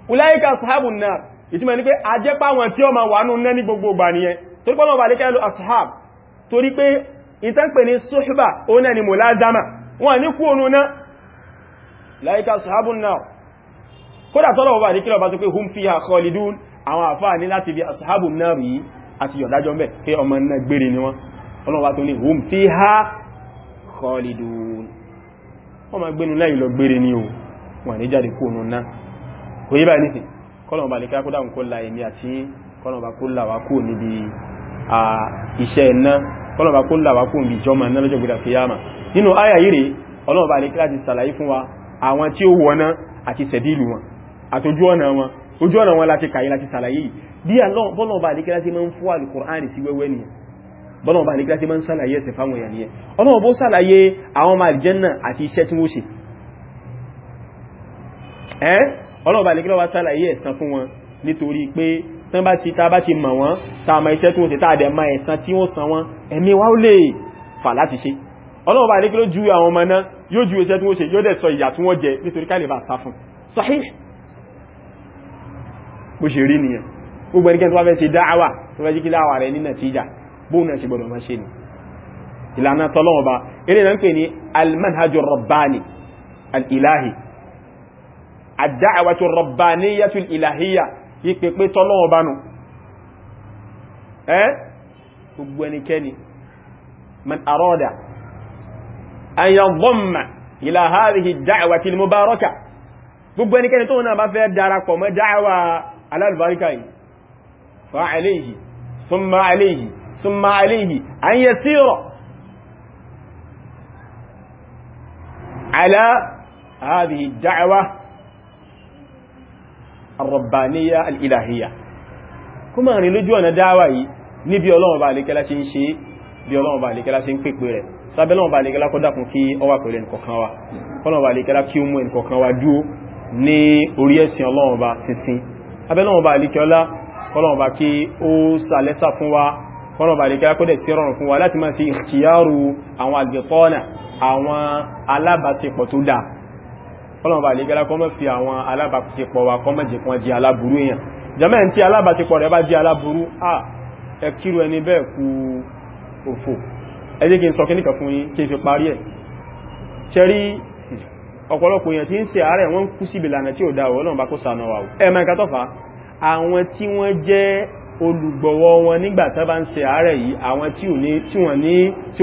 ulaika ashabun nar ìtumọ̀ ní pé a jẹ́ páwọn tí ó ma wà nù náà ní gbogbogbà nìyẹn torí pé wọ́n bà lékẹ́ lọ ashab torí pé ìtànpẹ̀ ni suhba òun náà ni mulazama wọ́n ní kú òun náà ulaika ashabun nar kódà àti yọ̀dájọ́ mẹ́ pé ọmọ iná gbére ni wọ́n ọlọ́wà tó ní hum fiha khalidun wọ́n ma gbénu láì lọ gbére ni o wọ́n ní jáde kó nù náà kò yí báyìí nìsìn kọ́lọ̀mọ̀bà lè kákó dáhùn kó la èmi àti kọ́lọ̀mọ̀bà kó là wá kó níbi iṣẹ́ iná kọ́lọ̀mọ̀bà kó là wá kó níbi ìjọmọ̀ iná lọ́jọ́ gbéra kìyàmà nínú àyà yìí rèé ọlọ́mọ̀bà lè kíláàsì sàlàyé fún wa àwọn tí ó wọná àti sẹ̀dílù wọn àtòjú ọ̀nà wọn ojú ọ̀nà wọn láti kàyí láti sàlàyé bí bọ́lọ̀ọ̀bà àdíkẹ́lá ti máa ń fún alìkùránì sí wẹ́wẹ́ ni bọ́lọ̀ọ̀bà àdíkẹ́lá ti máa ń sàlàyé ẹsẹ̀ fáwọn èèyàn ni ọlọ́wọ́ bó sàlàyé àwọn ọmọ àlìjẹ́nà àti iṣẹ́ tí wọ́n ṣe ẹ́ ọlọ́wọ́ àdíkẹ́lá wá sàlàyé ẹ̀san fún wọn nítorí pé tán bá ti ta bá ti mọ̀ wọ́n ta mọ̀ iṣẹ́ tí wọ́n ṣe táàdẹ̀ ma ẹ̀san tí wọ́n san wọ́n ẹ̀mí wá ó lè fà láti ṣe ọlọ́wọ́ àdíkẹ́lá ju àwọn ọmọ náà yóò ju iṣẹ́ tí wọ́n ṣe yóò dẹ̀ sọ ìyà tí wọ́n jẹ nítorí ká lè bá sá fún sahih bó ṣe rí nìyẹn gbogbo ẹnikẹ́ni tó bá fẹ́ ṣe dáàwà tó fẹ́ jí kí dáàwà rẹ̀ ní nàtíjà bóun náà ṣe gbọdọ̀ máa ṣe ni ìlànà tọ́lọ́wọ́ bá eré náà ń pè ní almanhajjọ rọ̀báni al'ilahi àdáàwàtò rọ̀báni yàtù ìlàhíyà yí pé pé tọ́lọ́wọ́ bá nù ẹ́ gbogbo ẹnikẹ́ni man yìí فعليه ثم عليه ثم عليه أن يسير على هذه الدعوة الربانية الإلهية كما أن نلجو أن دعوة نبي الله بعلك لا شيء bí ọlọ́run bá lè kẹ́lá sí ń pèpè rẹ̀ sábẹ́ lọ́run bá lè kẹ́lá kọ́ dákun kí ọwà pẹ̀lú ẹnìkọ̀kan wa kọ́lọ́run bá lè kí ó mú ẹnìkọ̀kan kọ́lọ̀ọ̀bá kí ó sàlẹ́sà fún wa kọ́lọ̀ọ̀bá lè kíra kọ́dẹ̀ sí rọrùn fún wa láti máa fi ìkìyàrù àwọn àgbẹ̀tọ́nà àwọn alábàṣepọ̀ tó dáa kọ́lọ̀ọ̀bá lè kíra kọ́mọ́ fi àwọn alábàṣepọ̀ wa kọ́mọ́ jẹ́ kan di aláburú èèyàn jẹ́mẹ́ tí alábàṣepọ̀ rẹ̀ bá di aláburú à ẹkírù ẹni bẹ́ẹ̀ kú òfò ẹ jẹ́ kí n sọ kí nìkan fún yín kí n fi parí ẹ̀ ṣẹ́rí ọ̀pọ̀lọpọ̀ èèyàn tí ń ṣe àárẹ̀ wọ́n kú síbi tí ò dáa ọ̀nà bá kó sànà wà ẹ̀ mẹ́ka àwọn tí wọ́n jẹ́ olùgbọ̀wọ́ wọn nígbàtá bá ń ṣe àárẹ̀ yìí àwọn tí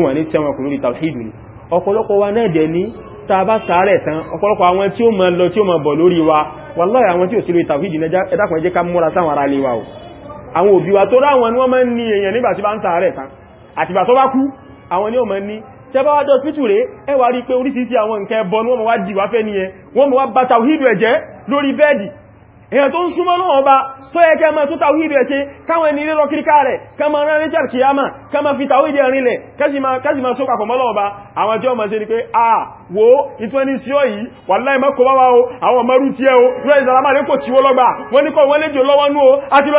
wọ́n ní sẹ́wọ̀n kò lórí tàwíìdù ni ọ̀pọ̀lọpọ̀ wa náà jẹ́ ní tá sàárẹ̀ tán ọ̀pọ̀lọpọ̀ àwọn tí ó mọ̀ lọ tí ó mọ̀ bọ̀ lórí wa wàláhì àwọn tí o àwọn òbí wa tó ráwọn ni wọ́n máa ń ní èèyàn nígbà tí bá ń sàárẹ̀ tán àtìgbà tó bá kú àwọn ni ó máa ń ní tẹbá wájọ́ pítù rẹ̀ ẹwà rí pé orísìí èyàn tó ń súnmọ́ náà ọba tó yẹ kẹ́mọ́ tó tàwí ìdẹ̀ ṣe káwọn ka rírọ kíríká rẹ̀ kẹ́mọ́ rán rí jẹ́rì kíyàmà kẹ́mọ́ fi tàwí ìdẹ̀ rinlẹ̀ kẹ́sìmọ́ só papọ̀ mọ́lọ́ ọba àwọn tí ó se sí ni pé à wo ìtọ́ni sí ọ yìí wà láì mọ́kọ wa o àwọn ọmọrú tí o rẹ̀ ìsàlámà rẹ̀ o àti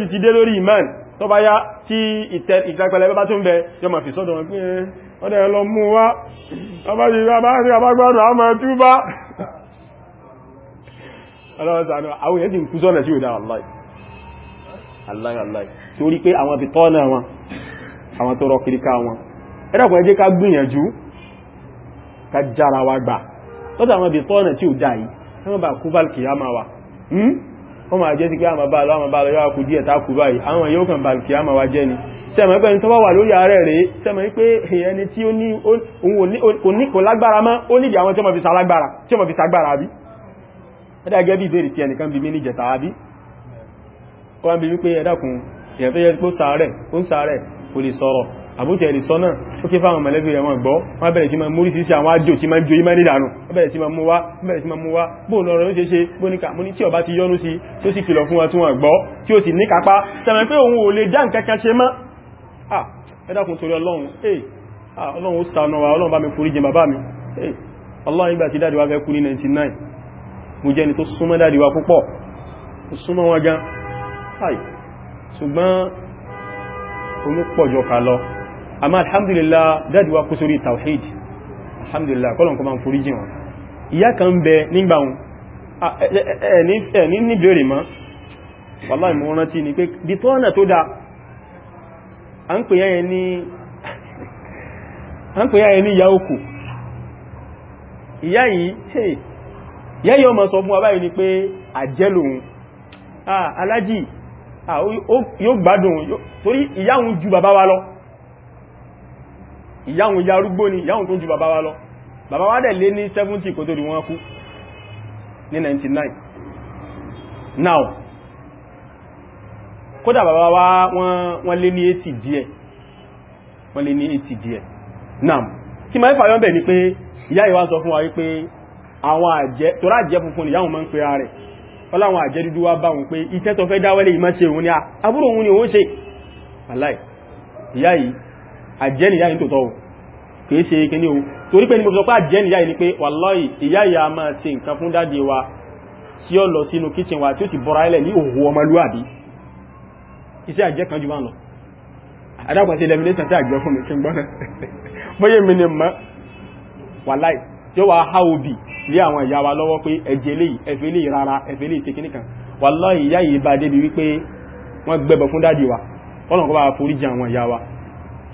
lọ yẹ̀wò tó bá yá tí ìtẹ́pẹ̀lẹ́ bá tún bẹ yọ ma fi sọ́dọ̀ wọn pín ẹn ọdẹ ẹlọ mú wá abágbádùn àmà túbá ọlọ́sàánà àwọn èyẹ́ ti ń kú sọ́nà sí ìdá aláì aláì aláì torí pé àwọn ibi tọ́nà wọn àwọn tó rọ kìríká wọn ẹ̀dàkùn ẹjẹ́ ká gbìyànjú ká jára wa gbà lọ́dọ̀ àwọn ibi tọ́nà sí ìdá yìí wọ́n máa jẹ́ sí pé àmàbà lọ àmàbà lọ yára kù díẹ̀ takù báyìí àwọn yóò kàn bàlùkì àmà wa jẹ́ ni sẹ́mọ̀ pé ní tó bá wà lórí ààrẹ rẹ̀ sẹ́mọ̀ pé èyàn ni tí ó ní òun kò lágbára mọ́ ó nídìí àwọn tí wọ́n fi sálágbára fi ságbára àbútẹ̀ ẹ̀rì sọ́nà ó kí fáwọn mọ̀lẹ́bí rẹ̀ wọn gbọ́ wọ́n bẹ̀rẹ̀ tí ma mú orísìírísìí àwọn àjò tí ma ń jo imá nídànù bẹ̀rẹ̀ tí ma mú wá bẹ̀rẹ̀ tí ma mú wá bóò lọ́rọ̀ ó ṣe ṣe bóníkà mú ní tí ọba ti yọ́nú sí tó sì kìlọ̀ fún wa tí wọ́n gbọ́ tí ó sì ní kápá tẹ̀mẹ̀ pé òun ò lè já nǹkan ah ẹ dákun torí ọlọ́run eh ah ọlọ́run ó ṣàánú wa ọlọ́run bá mi forí jìn bàbá mi eh ọlọ́run ìgbà tí dáàdì wa fẹ́ kú ní 99 ni tó súnmọ́ dáàdì wa púpọ̀ ó súnmọ́ wọn gan ṣùgbọ́n omi pọ̀jọ kà lọ àmá alhamdulillah dájú wa kú sórí tawhid alhamdulillah kọ́lọ̀n kọ́ ma ń forí jìn wọn ìyá kan bẹ nígbà wọn ẹni ní bèèrè mọ́ wàláhì mọ́ ni pé di tọ́nà tó dá a ń pè yáyẹ ní ìyá òkú ìyá yìí ìyá yìí ọmọ sọ fún wa báyìí ni pé àjẹ́lòun alájì yóò gbádùn torí ìyá òun ju bàbá wa lọ ìyáhùn ìyá arúgbó ni ìyáhùn tó ju bàbá wa lọ bàbá wa dẹ̀ lé ní 70 kò tó di wọ́n kú ní 99 now kódà bàbá wa wọ́n lé ní 80 díẹ̀ wọ́n lé ní 80 díẹ̀ now kí ma ń fàyọ́ bẹ̀ ni pé ìyá ìwá sọ fún wa wípé àwọn àjẹ́ tó rájẹ́ funfun ni ìyáhùn máa ń pe ara rẹ̀ ọláwọn àjẹ́ dúdú wá bá wọn pé ìtẹ́tọ̀ fẹ́ dáwẹ́lẹ̀ ìmọ́ṣe òun ni àbúrò òun ni òun ṣe aláì ìyá yìí àjẹ́nìyá yìí tòótọ́ kìí ṣe kíní o torí pé ní mo sọ pé àjẹ́nìyá yìí ni pé wàláhì ìyá ìyá máa ṣe nǹkan fún dáde wa tí ó lọ sínú kíchìn wa tí ó sì bọ́ra ilẹ̀ ní òhù ọmọlúwàbí iṣẹ́ àjẹ́ kan jù bá lọ ìyá wa lọ́wọ́ pé ẹjẹ́ eléyìí ẹfẹ́ eléyìí rárá ẹfẹ́ eléyìí ṣe kíníkan wàláhì ìyá yìí bá débi wípé wọ́n gbẹ́bọ̀ fún dáde wa ọlọ́nkọ́ bá forí jẹ àwọn ìyá wa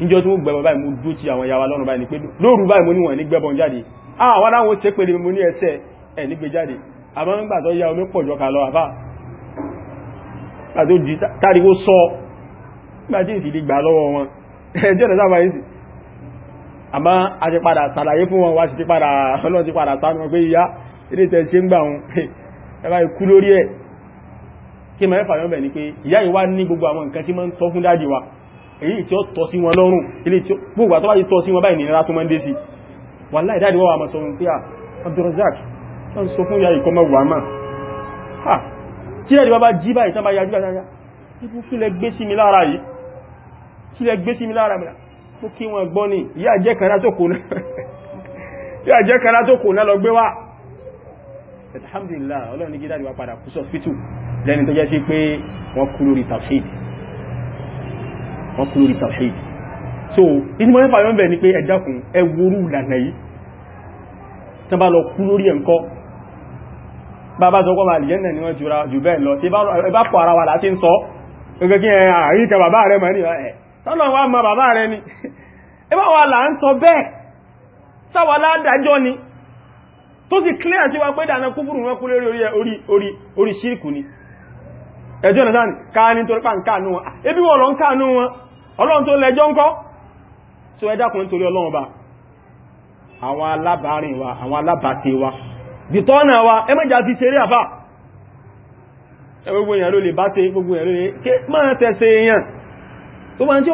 níjọ́ tí wọ́n gbẹ̀bọ̀ báyìí mú dó ti àwọn yàwà lọ́nà báyìí pé lóòrù báyìí mú níwọ̀n ní gbẹ̀bọ̀n jáde ah, àwọn aláwọ̀ ṣe pèlè mú ní ẹsẹ̀ ẹ̀ nígbẹ̀ jáde àmọ́ ń gbàtọ́ ya omi pọ̀jọ́ kà lọ àbá tàríwó sọ gbàtí ìfìdí gbà lọ́wọ́ wọn ẹjọ́ ìrẹsà báyìí sí àmọ́ a ti padà sàlàyé fún wọn wá sí ti padà ọlọ́run ti padà sánú pé ìyá ìwá ní gbogbo àwọn nǹkan tí mọ́ ń sọ fún dáàdì èyí tí ó tọ́ sí wọn lọ́rùn ilé tí gbogbo àtọ́wà yìí tọ́ sí wọn báyìí nìyàrá tó mọ́ ń dé sí wàláhì ìdádi wọ́n wà mọ́ sọ fún pé ah, Abdulrazak wọ́n sọ fún yàrí kọmọ wà máa ha tí lẹ́dí bá jí báyìí tán bá yájú àtàyà ipú kí lẹ gbé sí ni ìyá jẹ́ kan látó kò ná lọ gbé wá wọ́n kú lórí tawhid so ìdí mọ́lẹ́fà yọ́n bẹ̀ ni pé ẹ̀dàkùn ẹwúrú ìlànà yìí tí bá lọ kú lórí ẹ̀ǹkọ́ bàbá sọpọ̀ bá lìyẹ́nà ni wọ́n jura jù bẹ́ẹ̀ bá pọ̀ ara wà láti tó sì clear sí wa pé dànà kúfùrù wọn kú lórí orí orí ni ẹjọ́ ìrìnsáà ká ní torípa ń káànú wọn ah, ebí wọ́n lọ ń káànú wọn ọlọ́run tó lẹ́jọ́ ń kọ́ tó ẹjá kùn nítorí ọlọ́run bá àwọn alábàárìn wa àwọn alábàáṣe wa dìtọ́nà wa ẹmẹ́jà fi ṣeré àfà gbogbo èèyàn ló lè bá ṣe gbogbo èèyàn ló lè ké máa tẹ̀sẹ̀ èèyàn tó bá ń tí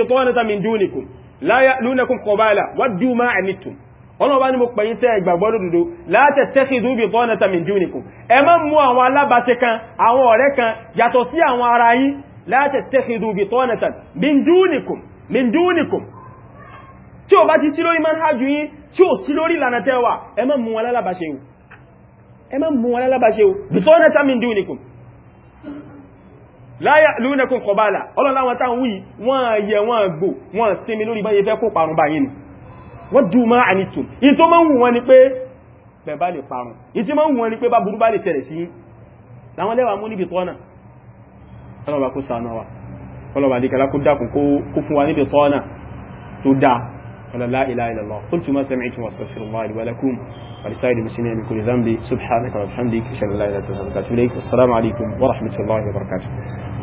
ó bá min dunikum láyá lúnakún kọbálà wádìí máa ẹ̀nìtùn ọlọ́run bá ní mo pẹ̀yìn tẹ́ ìgbàgbọ́ lódodo láti tẹ́kìdú bí bọ́ọ̀nà tàmì júnìkù ẹ má mú àwọn alábàṣe kan àwọn ọ̀rẹ́ kan yàtọ̀ sí àwọn ara yín láti tẹ́kìdú bí bọ́ọ̀nà láyà lónẹ́kùn kọbálà ọlọ́láwọn táwọn wí wọ́n yẹ wọ́n gbò wọ́n sinmi lórí báyẹ fẹ́ kó parun báyìí ni wọ́n dù máa ànìtùn in tó máa ń wù wọn ni pé bẹ̀bá lè parun in tí máa ń wù wọn ni pé bá burú bá lè tẹ̀rẹ̀ sí láwọn lẹ́wà mú níbi tọ́nà ọlọ́ba kó المسلمين من كل ذنب سبحانك وبحمدك اشهد ان لا اله الا انت استغفرك واتوب اليك والسلام عليكم ورحمة الله وبركاته